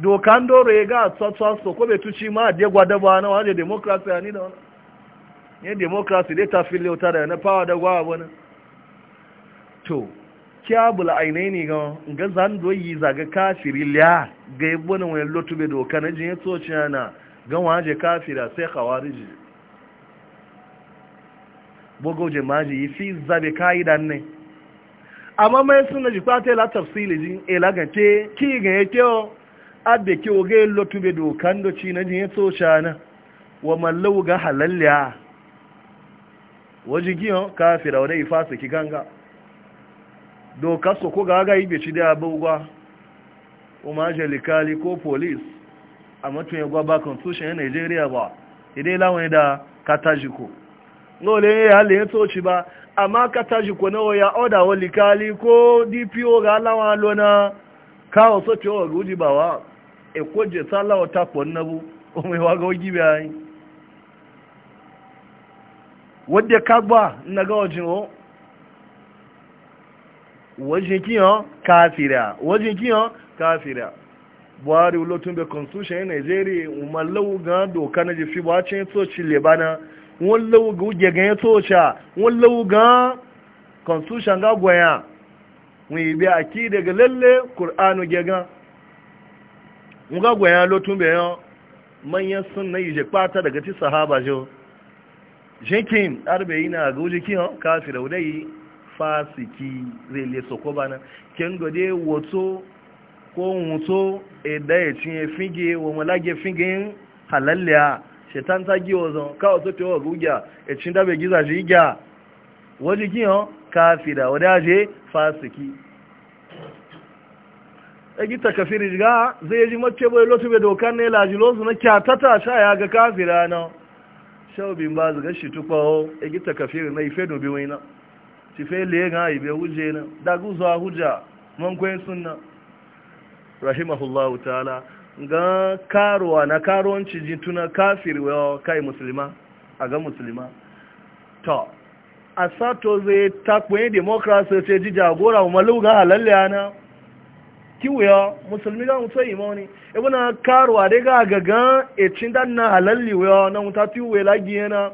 ndoro dore ga tsatsa so ko be tuci ma de gwada ba na wa de democracy ani da wannan ne demokrasi dai ta fili wuta da na fawa da gwa wani to kya bula aine ne ga ga zan doyi zaga kafiri liya ga yabon wani lotu bai doka na jin tsoci na ga waje kafira sai khawariji bogo je maji yi fi zabe kaidan ne amma mai suna ji kwata la tafsili jin elagante ki ga yake o abbe ki o ga lotu lotube dokan do ci na jin tsoci na wa mallau ga halalliya wajen giyo kafira wadda ifa su ki ganga doka su ko gaga ibe ci da abubuwa umarje likali ko polis a matuwa gwa ba constitution ya nigeria ba idai lawani da katajiko lole ya halin soci ba amma katajiko na waya oda wa likali ko dpo ga alawa lona kawo soci wa guji ba wa ekwaje salawa tapon nabu umewa ga ogibe ayi wadda ka gba na ga wajen o wajen kiyan kafira wajen kiyan kafira buhari ulotun be constitution ya nigeria umar lauga doka na jifi ba ce tsoci lebana wọn lauga uge ganye tsoca wọn lauga constitution ga gwaya wọn ibe aki daga lalle kur'anu gega wọn ga gwaya lotun be yan manyan sun na yi kpata daga ti sahaba jo jikin arba'ina ga wujikin kafin raudai fasiki zai le soko bana ken gode wato ko wuto eda ya cinye finge wa malage fingen halalliya shetan ta giwa zan kawo to tewa gugya ya cin dabe giza shi gya wajikin yau kafin raudaje fasiki egita takafiri ga zai ji mace bai lotu bai dokar ne lajilosu na kyatata sha ya ga kafira na shaubin ba zaga shi tukpawo e gita kafiri na ife nubi wina ti fe le ga ibe huje na dagu zuwa hujja man kwen sunna rahimahullahu ta'ala ga karuwa na karuwanci jituna kafiri wa kai musulma a ga musulma to a sato zai takwai demokrasi ce ji jagora wa maluga halalle ana kiwuya musulmi ga mutu yi mawani ibina karuwa dai ga gagan ecin dan na halalli wuya na mutu ti wuya lagi yana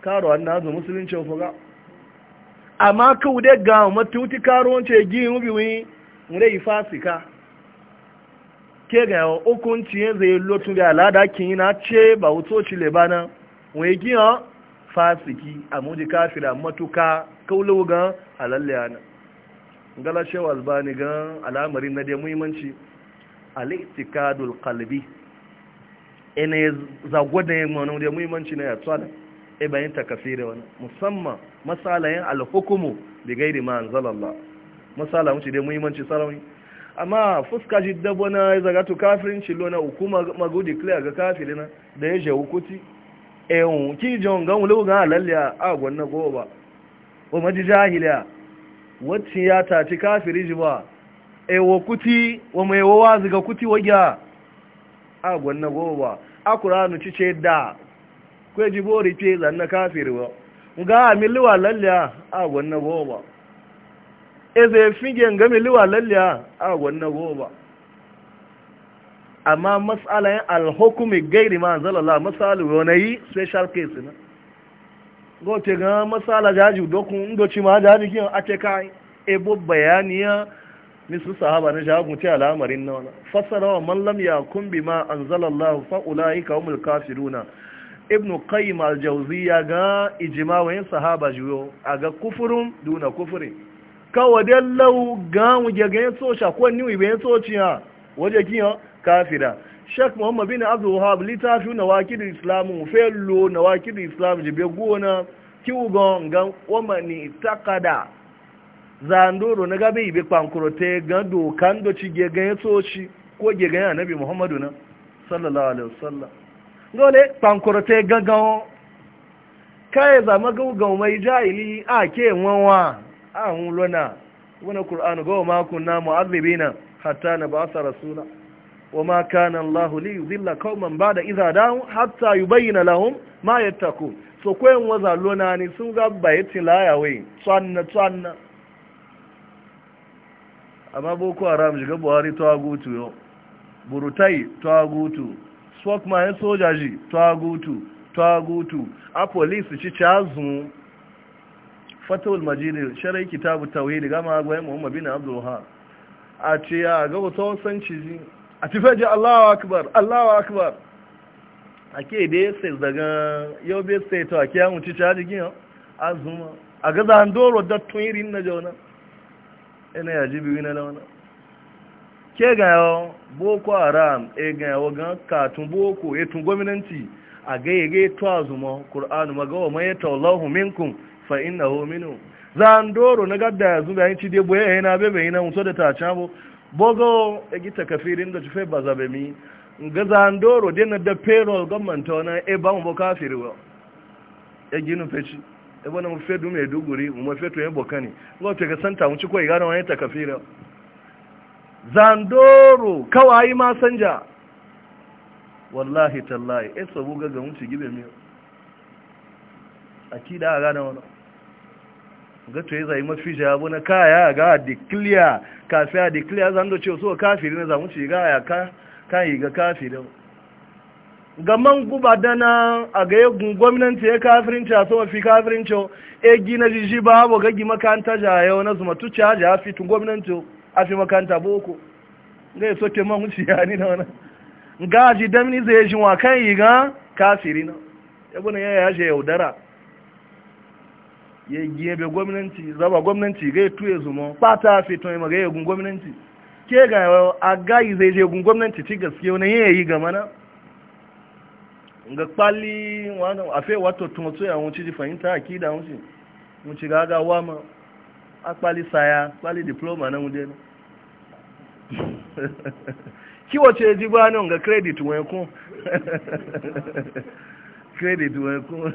karuwa na zo musulunci fuga amma kawu dai ga matuti karuwanci e gi yi biwi mure yi fasika ke ga yawon hukunci yin zai lotu da alada kin na ce ba wuto ci lebana wai gi fasiki a muji kafira matuka kaulu ga halalli yana gala shewa albani gan al'amarin na dai muhimmanci al'itikadul kalbi ina ya da yin wani da muhimmanci na ya tsada e bayan takasiri wani musamman masalayin alhukumu da gairi ma an zalalla masala wuce da muhimmanci sarauni amma fuska ji dabo na ya zagatu kafirin cilo na hukuma magudi clear ga kafirina da ya je hukuti ehun ki jon gan wulu gan alalliya a gwanna goba o maji jahiliya wacce ya taci kafiri jima ewo kuti wa mai wawa ziga kuti wagya a gwanna gowa a kuranu ci ce da kwe ji bori ce zanna kafiri ba ga miliwa lalya a gwanna gowa eze figen ga miliwa lalya a gwanna gowa amma matsalayin alhukumi gairi ma zalala na wani special case na gote ga masala jaji dokun ndoci ma jaji kin ake kai ebo bayaniya misu sahaba na jagun ta al'amarin nan fassara wa man lam yakun bima anzalallahu fa ka humul kafiruna ibn qayyim al-jawziyya ga yin sahaba juyo aga kufurun duna kufri kawadai lau ga mu ga yin socha ko ni wube yin ha waje kin kafira Sheikh Muhammad bin Abdul Wahab litafi na wakil Islam fello na wakil Islam jibe gona kiwugon ga wama ni takada zandoro na gabe ibe kwankurote ga dokan do ci ge gan soci ko ge gan Annabi Muhammadu na sallallahu alaihi wasallam gole kwankurote gangan kai za magugan mai jahili a ke wanwa a hun lona wani Qur'an ga ma kunna na hatta na ba'sa rasula وما كان الله ليذل قوما بعد إذا داهم حتى يبين لهم ما يتقون so koyan waza lona ne sun ga ya tilaya wai tsanna tsanna amma boko haram shiga buhari ta agutu yau burutai ta agutu swak ma ya ji ta agutu ta agutu a police ci cazun fatul majid sharai kitabu tauhidi gama agwaye muhammad bin abdul a ce ya ga wata wasan ji a ci feji allahu akbar allahu akbar ake da ya sai daga yau bai sai ta a yawon ci caji gina azuma a gaza an doro da tun iri na jauna ina ya ji biyu na launa ke ga boko haram e ga katun boko ya e tun gwamnati a gayyage to azuma ƙur'anu magawa mai taulahu minkum fa innahu minhu za an doro na gadda ya zuba yin ci dai boye yana e bebe yana e mutu da ta cabo bogo egita kafirin da jufe ba zabe mi ga zandoro dena da payroll government wani e ba mu kafiri wa e ginu feci e bona mu dume duguri mu fetu e bokani ngo te ga santa mu ciko igana wani ta kafira zandoro kawai ma sanja wallahi tallahi e sabu ga ga mu ci gibe mi akida a na wani gato ya zai mafi jawabu na kaya ga declare kafi a declare zan da cewa so kafiri na zamu shiga ya ka kan yi ga kafiri gaman guba dana a ga yi gwamnati ya kafirin a so mafi kafirin ta e gina jiji ba abu ga gi makanta jayo na zuma tu a ja fi tun gwamnati a fi makanta boko ga yi soke man wuci ya ni na wannan ga ji damni zai jin wa kan yi ga kafiri na yabo e yaya ya je yaudara ya gebe gwamnati zaba gwamnati gai tuye zumo fata fito ya magaya gun gwamnati ke ga a gayi zai je gun gwamnati ci gaske wani yi ga mana ga kwalli wani a fe wato tumoto ya wuce ji fahimta a kida wuce wuce ga aga wama a kwalli saya kwalli diploma na wude na kiwace ji ba nan ga credit wani kun credit wani kun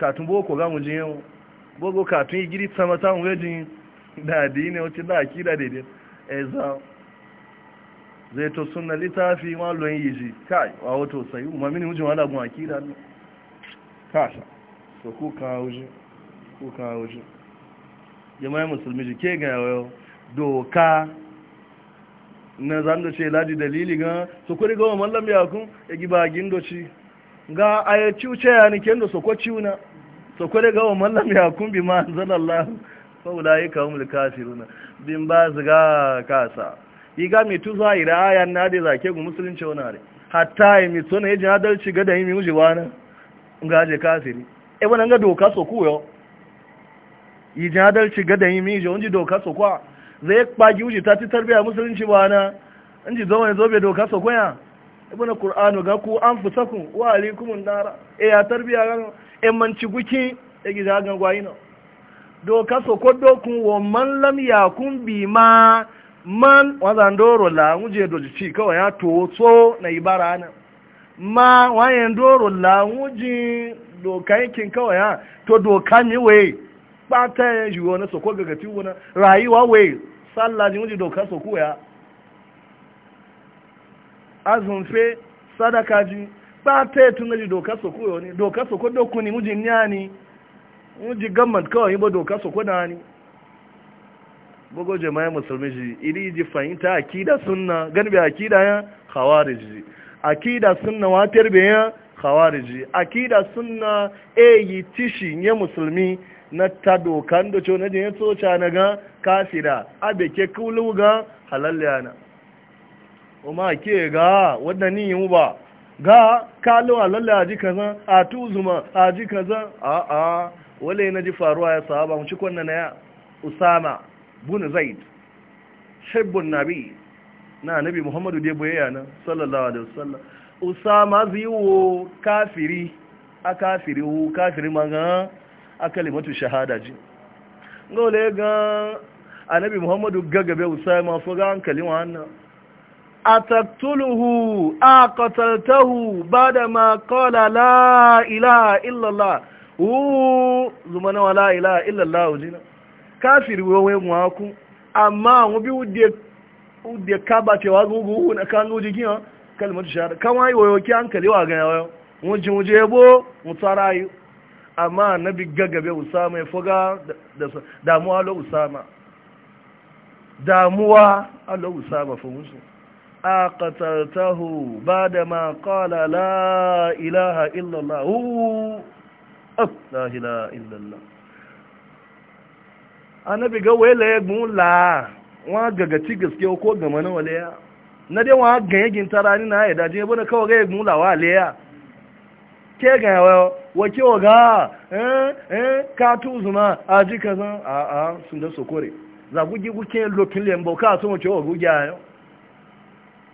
katun boko ga mu jin yau boko katun yi giri sama mu gajin da ne wacce da da daidai eza zai to suna littafi ma lon yi ji kai wa wato sai ma mini wujin wada gun akida ne kasha so ku ka wujin ku ka wujin jama'i musulmi ji ke ga yau doka na zan ce ladi dalili ga so kuri ga wa mallam yakun ya gi gindo ci ga aya cuce ya nike da soko ciuna soko da gawa mallam ya kumbi ma Allah, zalallah faulayi ka umul kafiruna bin ba su ga kasa iga mi a zahira aya na da zake gu musulunci wani are hatta yi mi tsona yi adalci ga da yi mi uji wani ga je kasiri e wani ga doka soko yau yi ji adalci ga da yi mi je wani doka soko zai kpagi uji ta ti tarbiya musulunci wani unji zo wani zobe doka ibn qur'anu ga ku an fusakum wa alaikum nara e ya tarbiya ga e man ci guki e gida ga gwayino do ka so ko do kun wo man lam kun bi ma man wazan doro la muje do ci kawai ya to so na ibara na ma wayan doro la muje do kai kin kawai ya to do kan yi we pata yi wona so ko ga ti wona rayuwa we sallah ji muje do ka so ku ya azunfe sadaka ji ba ta yi tunaji doka soko yau ne doka soko doku ne mujin ya ne mujin gamman kawai ba doka soko na ne bugo jama'a musulmi ji iri ji fahimta akida sunna ganibe akida ya ji akida sunna watar tarbe ya ji akida sunna e yi tishi ne musulmi na ta dokan da cewa na jin ya tsoca na ga kafira abeke kulu ga halal yana o ma ke ga wadda ni yi ba ga kalowa a lalle a ji kaza a tuzuma a ji kaza a a wale na ji faruwa ya sahaba mu cikon na ya usama bin zaid shibbun nabi na nabi muhammadu dai boyayya nan sallallahu alaihi wasallam usama ziwo kafiri a kafiri wu kafiri maga a kalimatu shahada ji ga wale ga annabi muhammadu gagabe usama fuga ga hankalin wannan أتقتله أقتلته بعدما قال لا إله إلا الله zumana wa la ilaha illallah jina kafiri wewe mwaku amma mubi udde udde kaba ce wa gugu na kan guji kiyo kalmar shahada kan wai wayo ki hankali wa ga yawo mujin muje bo mutarayu amma nabi gagabe usama ya foga da damuwa lo usama damuwa Allah usama fa a ƙatartahu ba da ma ƙala la ilaha illallah hu la ilaha illallah annabi ga wela ya gbun la wa gaga ci gaske ko gama na wale ya na dai wa ganye ginta na ya daje bane kawai ga gbun wa le ya ke ga wa wake wa ga eh eh ka tu zuma aji kaza a a sun da sokore za gugi guke lokin lembo ka so mu ce wa gugi ayo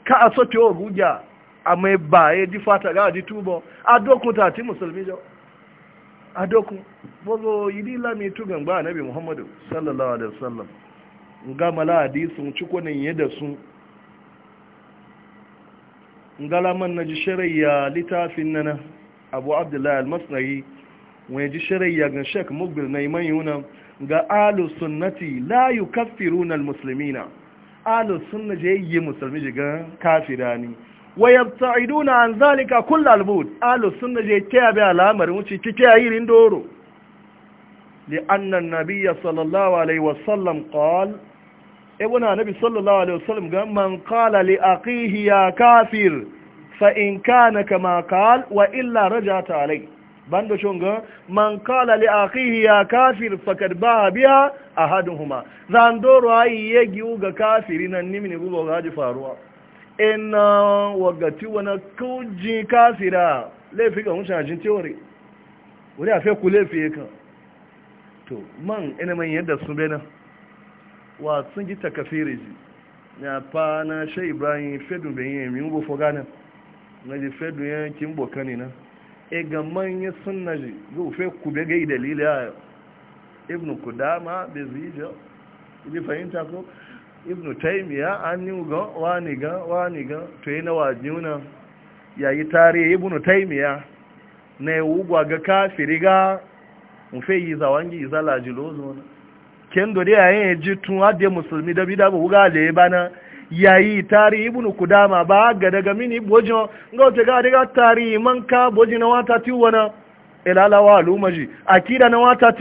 ka a soke wa gugya a mai baye di fata ga di tubo a dokun ta ti musulmi jau a dokun bozo yi di lami tugan muhammadu sallallahu alaihi sallam. nga mala hadisin cikonin da sun ngalaman na ji shirayya littafin nana abu abdullahi al-masnari wani ji shirayya ga shek mugbil na iman yuna ga alu sunnati la musulmi na. ahlus sunna je yi musulmi gan kafira ni wa yabta'iduna an zalika kull albud ahlus sunna je ya bi alamar wuce kike rin doro li anna nabiyya sallallahu alaihi sallam qal ibuna e nabi sallallahu alaihi sallam ga man qala li aqihi ya kafir fa in kana kama qal wa illa rajata alaihi bando shonga man kala li akhihi ya kafir fakad ba biha ahaduhuma zandoro ayi yegi uga kafiri nan nimi ne bulo gaji faruwa in wagati wana kuji kafira laifin ga hunsa jin teori wuri afi ku lefi ka to man ina man yadda sun bena wa sun ji takafiri ji na pa na shay ibrahim fedun benye mi ngo fogana na ji fedun yan kimbo kanina e ga manyan suna rufe kube gai dalili a ibn kudama da zijo ibi fahimta ko ibn taimiya an yi ga wani ga wani ga to yi na Ya yayi tare ibn taimiya na yi wugwa ga kafiri ga mufe yi zawangi izala jilozo kendo dai a yi ji tun adiyar musulmi da bida ba wuga da ya bana yayi tarihi ibn kudama ba ga daga mini bojo ngo te ga daga tarihi man ka boji na wata tiwana ilala wa lumaji akida na wata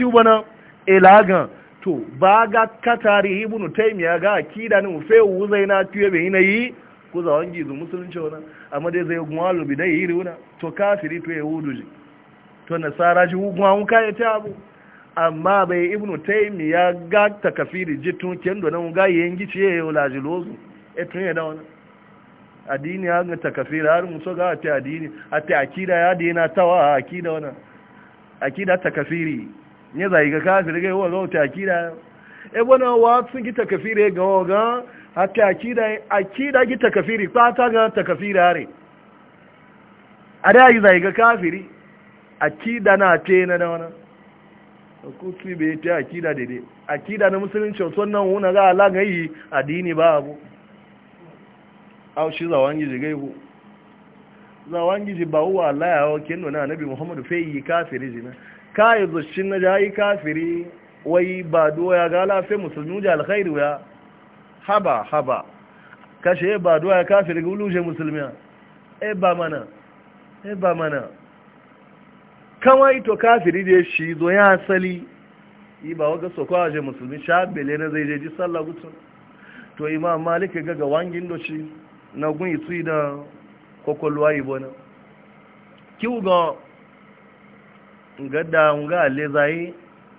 Ila ga. to ba ga ka tarihi ibn taymiya ga akida ni fe uzai na tiye be ina yi ku za wangi zu musulunci wana amma dai zai gwalu bi dai iri wana to kafiri to yahudu e ji to nasara ji gwa mun kai e ta abu amma bai ibnu taymiya ga takafiri jitun kendo nan ga yengi ce yau e lajilozu etun ya dawo adini ya ganta kafira har muso ga adini a ta akida ya dina tawa akida wana akida ta kafiri ne zai ga e kafiri ga wa ga ta akida e bona wa sun gita kafiri ga ga ati akida akida gita kafiri ta ta ga ta kafiri a da yi zai ga kafiri akida na te na da wana ko su ta akida dede akida na musulunci wannan wuna ga alaga yi adini ba abu au shi zawangi ji gaihu zawangi ji ba uwa Allah ya hau kin na nabi Muhammadu yi kafiri jina yi zushin na jayi kafiri wai ba doya ga lafi musulmi ji alkhairu ya haba haba kashe ba doya kafiri ga uluje musulmi e ba mana e ba mana kawai to kafiri je shi zo ya asali yi ba waga sokwa je musulmi bele na zai je ji sallah gutsun to imam malik ga ga wangin doshi na gun itu da kokolwa ibo na kiwugo ga da nga ale zai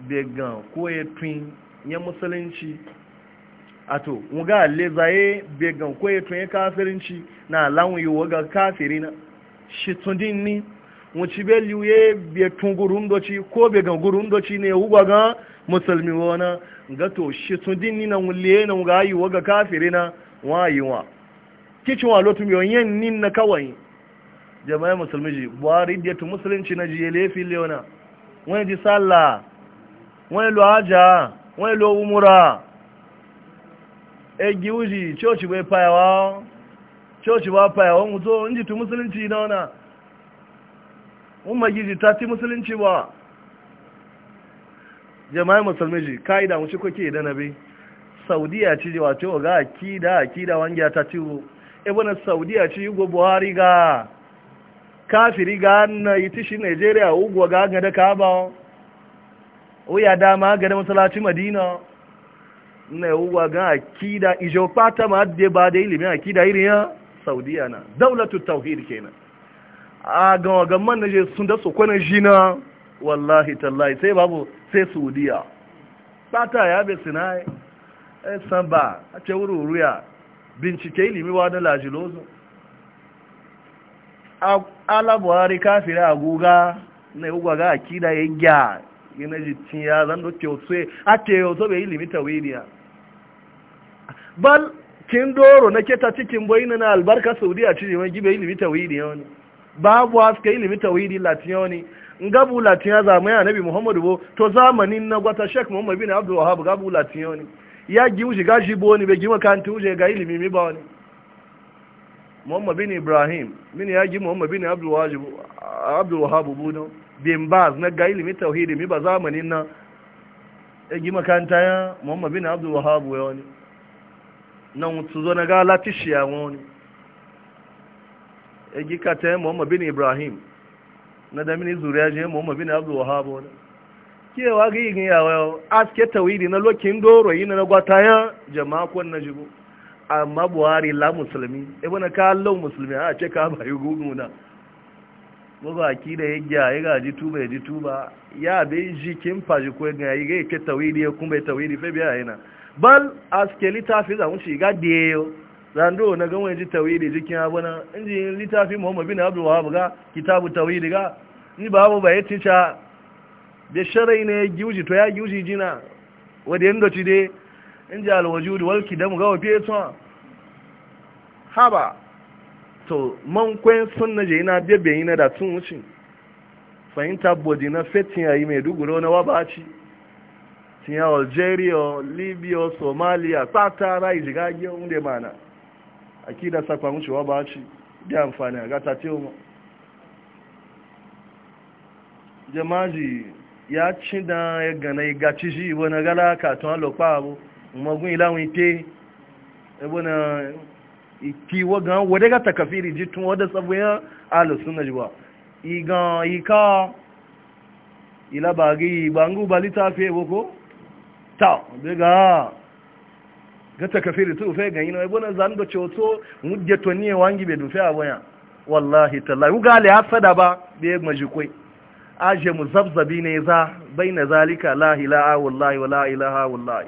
de gan ko e tun musulunci ato nga ale zai be gan ko e tun kafirinci na lawun yi waga kafirina shi tundin ni wuci be liye be tun doci ko be gan gurun doci ne wuga gan musulmi wona ga to shi tundin ni na wuliye na nga yi waga kafirina wa yi wa kicin wa lotu biyo yin nin na kawai jama'a musulmi ji buhari da tu musulunci na ji lefi leona wani ji sallah wani lo aja wani lo umura egi uji coci bai fayawa coci ba fayawa mutu inji ji tu musulunci na wana umar gizi ta ti musulunci ba jama'a musulmi ji ka'ida wuce ci kwake da nabi saudiya ci wato ga akida akida wangiya ta ciwo ebona saudiya ci yugo buhari ga kafiri ga na yitishi nigeria ugwa ga gada kaba oya dama gada masalaci madina na ugwa ga akida ijo pata ma de ba da ilimin akida irin ya saudiya na daulatu tauhid kenan a ga ga man ne sun da su kwana jina wallahi tallahi sai babu sai saudiya pata ya be sinai eh, san ba a ce wuri ya bincike ilimi wa da lajilozo ala buhari kafiri a guga na yi ga akida ya gya yana jitin ya zan da otu a otu bai ilimi tawiliya bal kin doro na keta cikin boyi na albarka a cire wani gibe ilimi tawiliya wani babu haska ilimi tawhidi ya wani gabu zama ya nabi muhammadu bo to zamanin na gwata Sheik Muhammadu bin abdul gabu gabu ya wani ya gi wuce gashi bo wani bai gi ga ilimi mi ba wani bin ibrahim mini ya gi muhammad bin abdul wahabu buno bin baz na ga ilimi tauhidi mi ba zamanin na ya e gi makaranta ya muhammad bin abdul wahabu ya wani na su zo na ga latishiya wani ya e gi kata ya bin ibrahim na da mini zuriya je muhammad bin abdul wahabu wani cewa ga yi yawa aske tawidi na lokin doro yi na gwata ya jama'a kwan na jibo amma buhari la musulmi ibn e kallon musulmi a ce ka bayi na mabaki da ya gya ya gaji tuba ya ji tuba ya bai ji kin faji ko ga yi ga ke tawidi ya kuma tawidi fe biya yana bal aske litafi za mu shiga deyo zando na ga wani ji tawidi jikin abuna inji litafi muhammad bin abdul wahab ga kitabu tawidi ga ni babu bai tisha da sharai ne giuji to ya giuji jina wadda yin doci dai in ji alwajudu walki da mu gawa fiye tun haba to man kwen sun na je ina bebe yana da tun wuce fahimta bodi na fetin yayi mai duguro na wabaci Tinye algeria libya somalia tata rai jigage wunde mana akida sakwa wuce wabaci da amfani a gata teoma jamaji ya ci da ya gana ga ci shi ibo na gala katon alopa abu magun ilawun ite ibo na iti wagan wadda ga takafiri ji tun wadda sabuwa alusun na jiwa igan ika ilabari bangu balita fi ewoko ta daga ga takafiri tu fe ganyi na ibo na zan da cewato mudjeto ni e ne bedu fe dufe ya wallahi tallahi uga le hasada ba e bai majikwai aje mu zabzabi ne za bai na zalika la ilaha wallahi wa la ilaha wallahi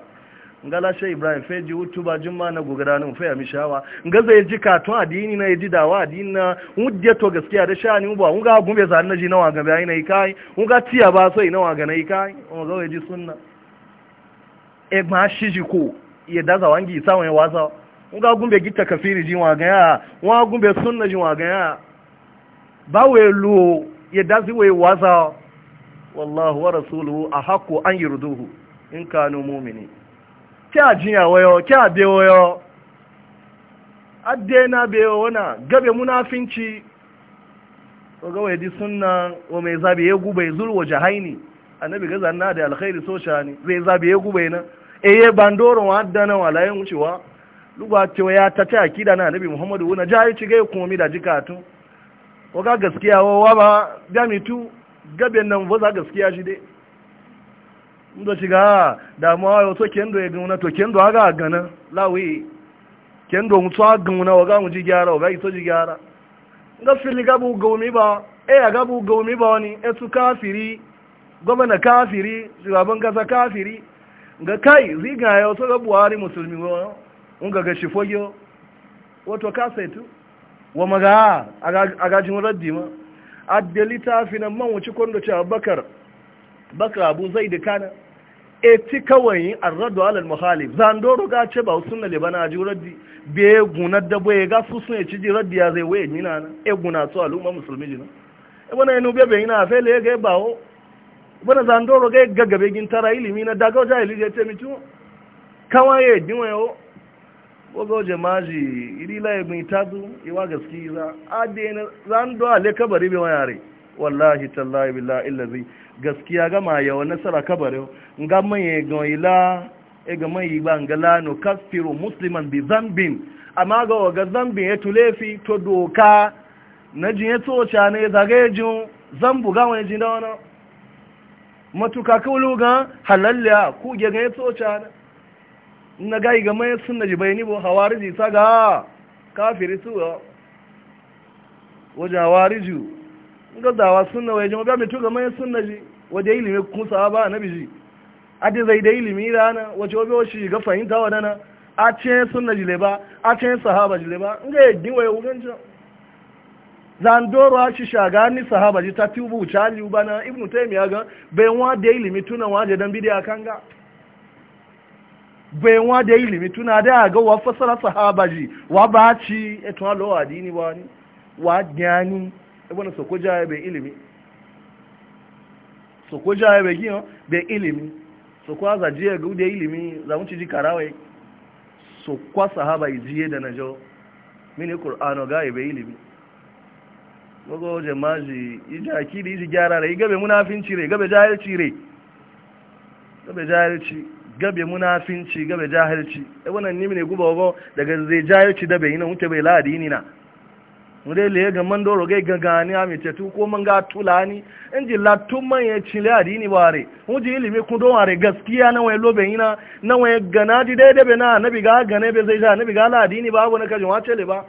ngala shai ibrahim fe ji wutu ba jimma na gogara nan fe ya mishawa ngaza ya ji katon addini na ji dawa addini na wudde to gaskiya da shani ba a ga gumbe za na ji nawa ga bai na ikai un ga tiya ba sai nawa ga na ikai un ga ji sunna e ma ji ko ya da ya sawon ya wasa un ga gumbe gita kafiri ji wa ga ya wa gumbe sunna ji wa ga ya ba we luo ya dazi wai wasa wallahu wa rasuluhu a haƙo an yi ruduhu in kanu mumini kya jiya wayo kya be wayo adde na be wana gabe munafinci ga wai di sunna wa mai zabi ya gube wa jahaini annabi ga zanna da alkhairi so shani zai zabi ya gube na eye wa waddana walayen wucewa lugwa cewa ya ta ta akida na annabi muhammadu wuna jayi ci gai komi da jikatu waka gaskiya wa ba gamitu gaben nan ba gaskiya shi dai ndo shiga damuwa yau to kendo ya gauna to kendo aga gana lawi kendo mutu aga gauna waga mu ji gyara waga iso ji gyara nga fili gabu gaumi ba e ya gabu gaumi ba wani e su kafiri gwamna kafiri shugaban kasa kafiri ga kai ziga yau to ga buhari musulmi wa nga ga shifogyo wato kasaitu wa maza a gajin raddi ma adalita ta fi nan man wuce kwando cewa bakar bakar abu zai da kana e ti kawai an raddu alal muhalif zandoro ga ce ba sunna le bana aji raddi be gunar da boye ga su sun ci ji raddi ya zai waye nina na e guna su al'umma musulmi jina e bana yanu yi ina fe le ga ba o e bana zandoro ga gagabe gin tara ilimi na daga jahili je ce mitu kawaye dinwayo bogo jamaji irila ya mai tazu iwa gaski za a daina zan do le kabari be wayare wallahi tallahi billahi illazi gaskiya gama ya wa nasara kabari nga manye gan ila e ga mai ba ngala no kafiru musliman bi zambin amma ga ga zambin ya fi to doka na jin ya tsoca ne zagaye jin zambu ga wani jin da wani matuka kaulu ga halalliya ku ga ya tsoca ne na gai ga mai sunna ji bayani bo hawariji ta ga kafiri su wajen hawariju ga dawa sunna waje ma ga mitu ga mai sunna ji wajen ilimin kun sahaba na biji adi zai da ilimin rana waje obi shi ga fahimta wa dana a ce sunna leba a ce sahaba leba in ga yaddi wa zandoro a shi shaga ni sahaba ji ta tubu cali bana ibnu ga bai wa da ilimi tuna da aga wa fasara sahaba ji wa ba ci eto alo adini wa ni wa gani ibn e sokoja ya e ilimi sokoja ya bai giyo be ilimi sokwa za je ga de ilimi za mu ci ji karawai sokwa sahaba jiye da najo mini qur'ano ga e bai ilimi gogo jama'i ija akidi iji gyara rai gabe munafinci rai gabe jahilci rai gabe jahilci gabe munafinci gabe jahilci e wannan ni ne guba go daga zai jahilci da bai yi nan wuce bai ladi ni na mu dai le ga man doro gai gagani a mece tu ko man ga tulani in ji latun man ya ci ladi ni bare mu ji ilimi ku don are gaskiya na waye lobe ina na waye gana di dai da be na nabi ga gane be zai ja nabi ga ladi ni ba wani kajin wace le ba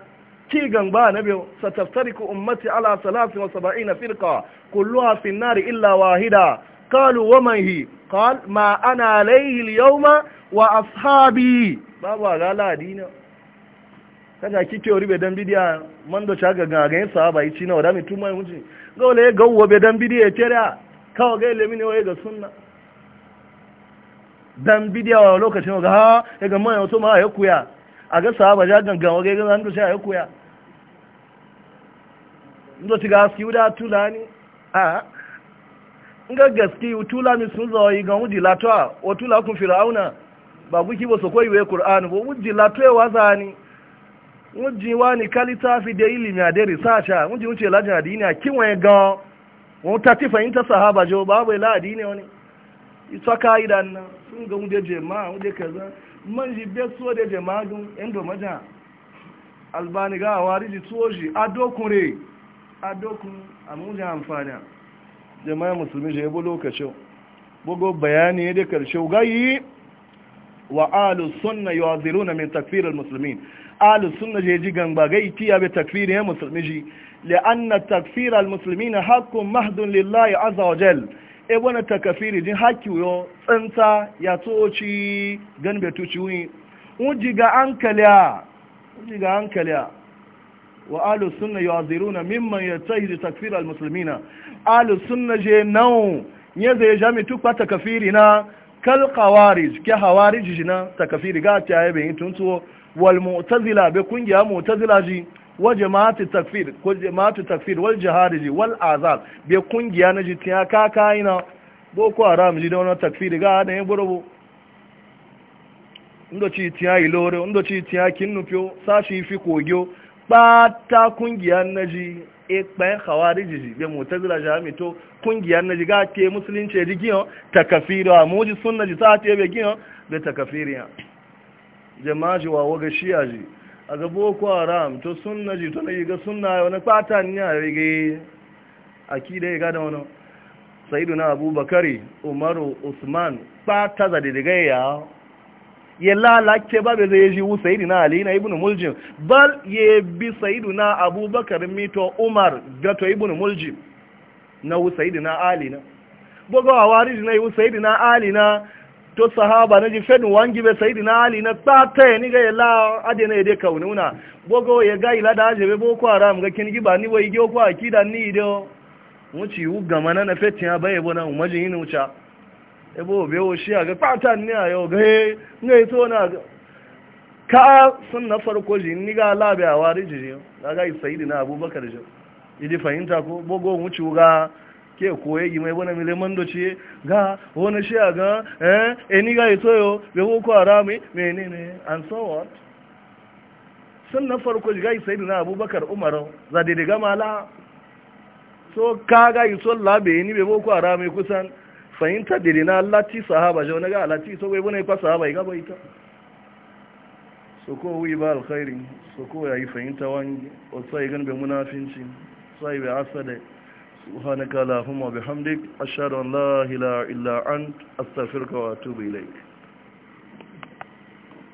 ci ba na sa sataftariku ummati ala 73 firqa ba'ina firka kulluwa illa wahida قالوا ومن هي قال ما أنا عليه اليوم وأصحابي بابا قال دينا kaga kike wuri bedan bidiya man do chaga gagayen sahaba yi cina wadami tuma muji gole ga wo bedan bidiya tera kawo ga ilimi ne waye ga sunna dan bidiya wa lokacin ga ha ga man yato ma ya kuya a ga sahaba ja gangan wa ga ga an do sai ya kuya ndo tiga aski uda tulani a nga gaski utula mi sun zawai ga wuji latwa utula kun fir'auna ba guki ba su koyi wai qur'ani bo wuji latwa wa wuji wani kalita fi da ilimi a da researcha wuji wuce lajin adini a kinwa ga wọn ta ti fahimta sahaba jo babu ila adini wani ita ka'idan na sun ga wunde jema'a kaza be so da jema'a albani ga adokun jama'a musulmi da bu lokacin bugu bayani ne da karshe gayi wa alu sunna yu'adhiruna min takfir al Musulmi, alu sunna je jigan bagai tiya be takfir ya musulmi ji li'anna takfir al-muslimin haqqun mahdun lillahi azza wa jal e wana takfir din hakki yo tsanta ya toci gan be tuci wi ujiga ankala ujiga ankala wa alu sunna na mimman yatahidu takfir al na. alu sunna je nan nye zai jami tukpa takafiri na kal kawarij ke hawarij ji na takafiri ga ta yabe yin tuntuwo wal mu'tazila be kungiya mu'tazila ji wa jama'atu takfir ko jama'atu takfir wal jiharij wal azab be kungiya na ji tiya ka kaina boko haram ji da wannan takfiri ga da yin burubu ndo ci tiya ilore ndo ci tiya kinnu pyo sashi fi kogyo ba ta kungiya na ji e bayan khawariji ji be mu'tazila jami to kungiyar na jiga ke musulunci ji giyo takafiri a muji sunna ji ta te be giyo be takafiri ya jama'a ji wa waga shiya ji a ga boko haram to sunna ji to na yi ga sunna wani fata ya yi ga akida ya ga da wani sayyiduna abubakari umaru usman ta za daga ya ya lalace ba bai zai ji sayidu na ali na ibn muljim bal ya bi sayidu na abubakar mito umar gato ibn muljim na sayidu na ali na bugawa wari na yi sayidu na ali na to sahaba na ji fedin wangi bai sayidu na ali na ta ya niga ya la adina ya dai kaununa bugawa ya ga ila da ajabe boko haram ga kin giba ni wai gyo kwa akida ni ido wuce wu gama na na fetin ya bai bona umajin yin wuce ebe obi yawo shi a ga kwata ni a yau ga he nga na ga ka sun na farko ji ni ga labe a wari ji na ga isa na abubakar ji idi fahimta ko bogo wuce ga ke koye gi mai bana mile mando ci ga wani shi a ga eh eni ga ito yau be ko rami mene ne and so on sun na farko ji ga isa na abubakar umar za de gama la so ka ga iso labe ni be ko rami kusan fahimta diri na lati sahaba jau naga lati to bai bane fa sahaba ga bai ta so ko wi ba alkhairi so ko yi fahimta wani o gan be munafinci sai be asade subhanaka allahumma bihamdik ashhadu an la ilaha illa ant astaghfiruka wa atubu ilaik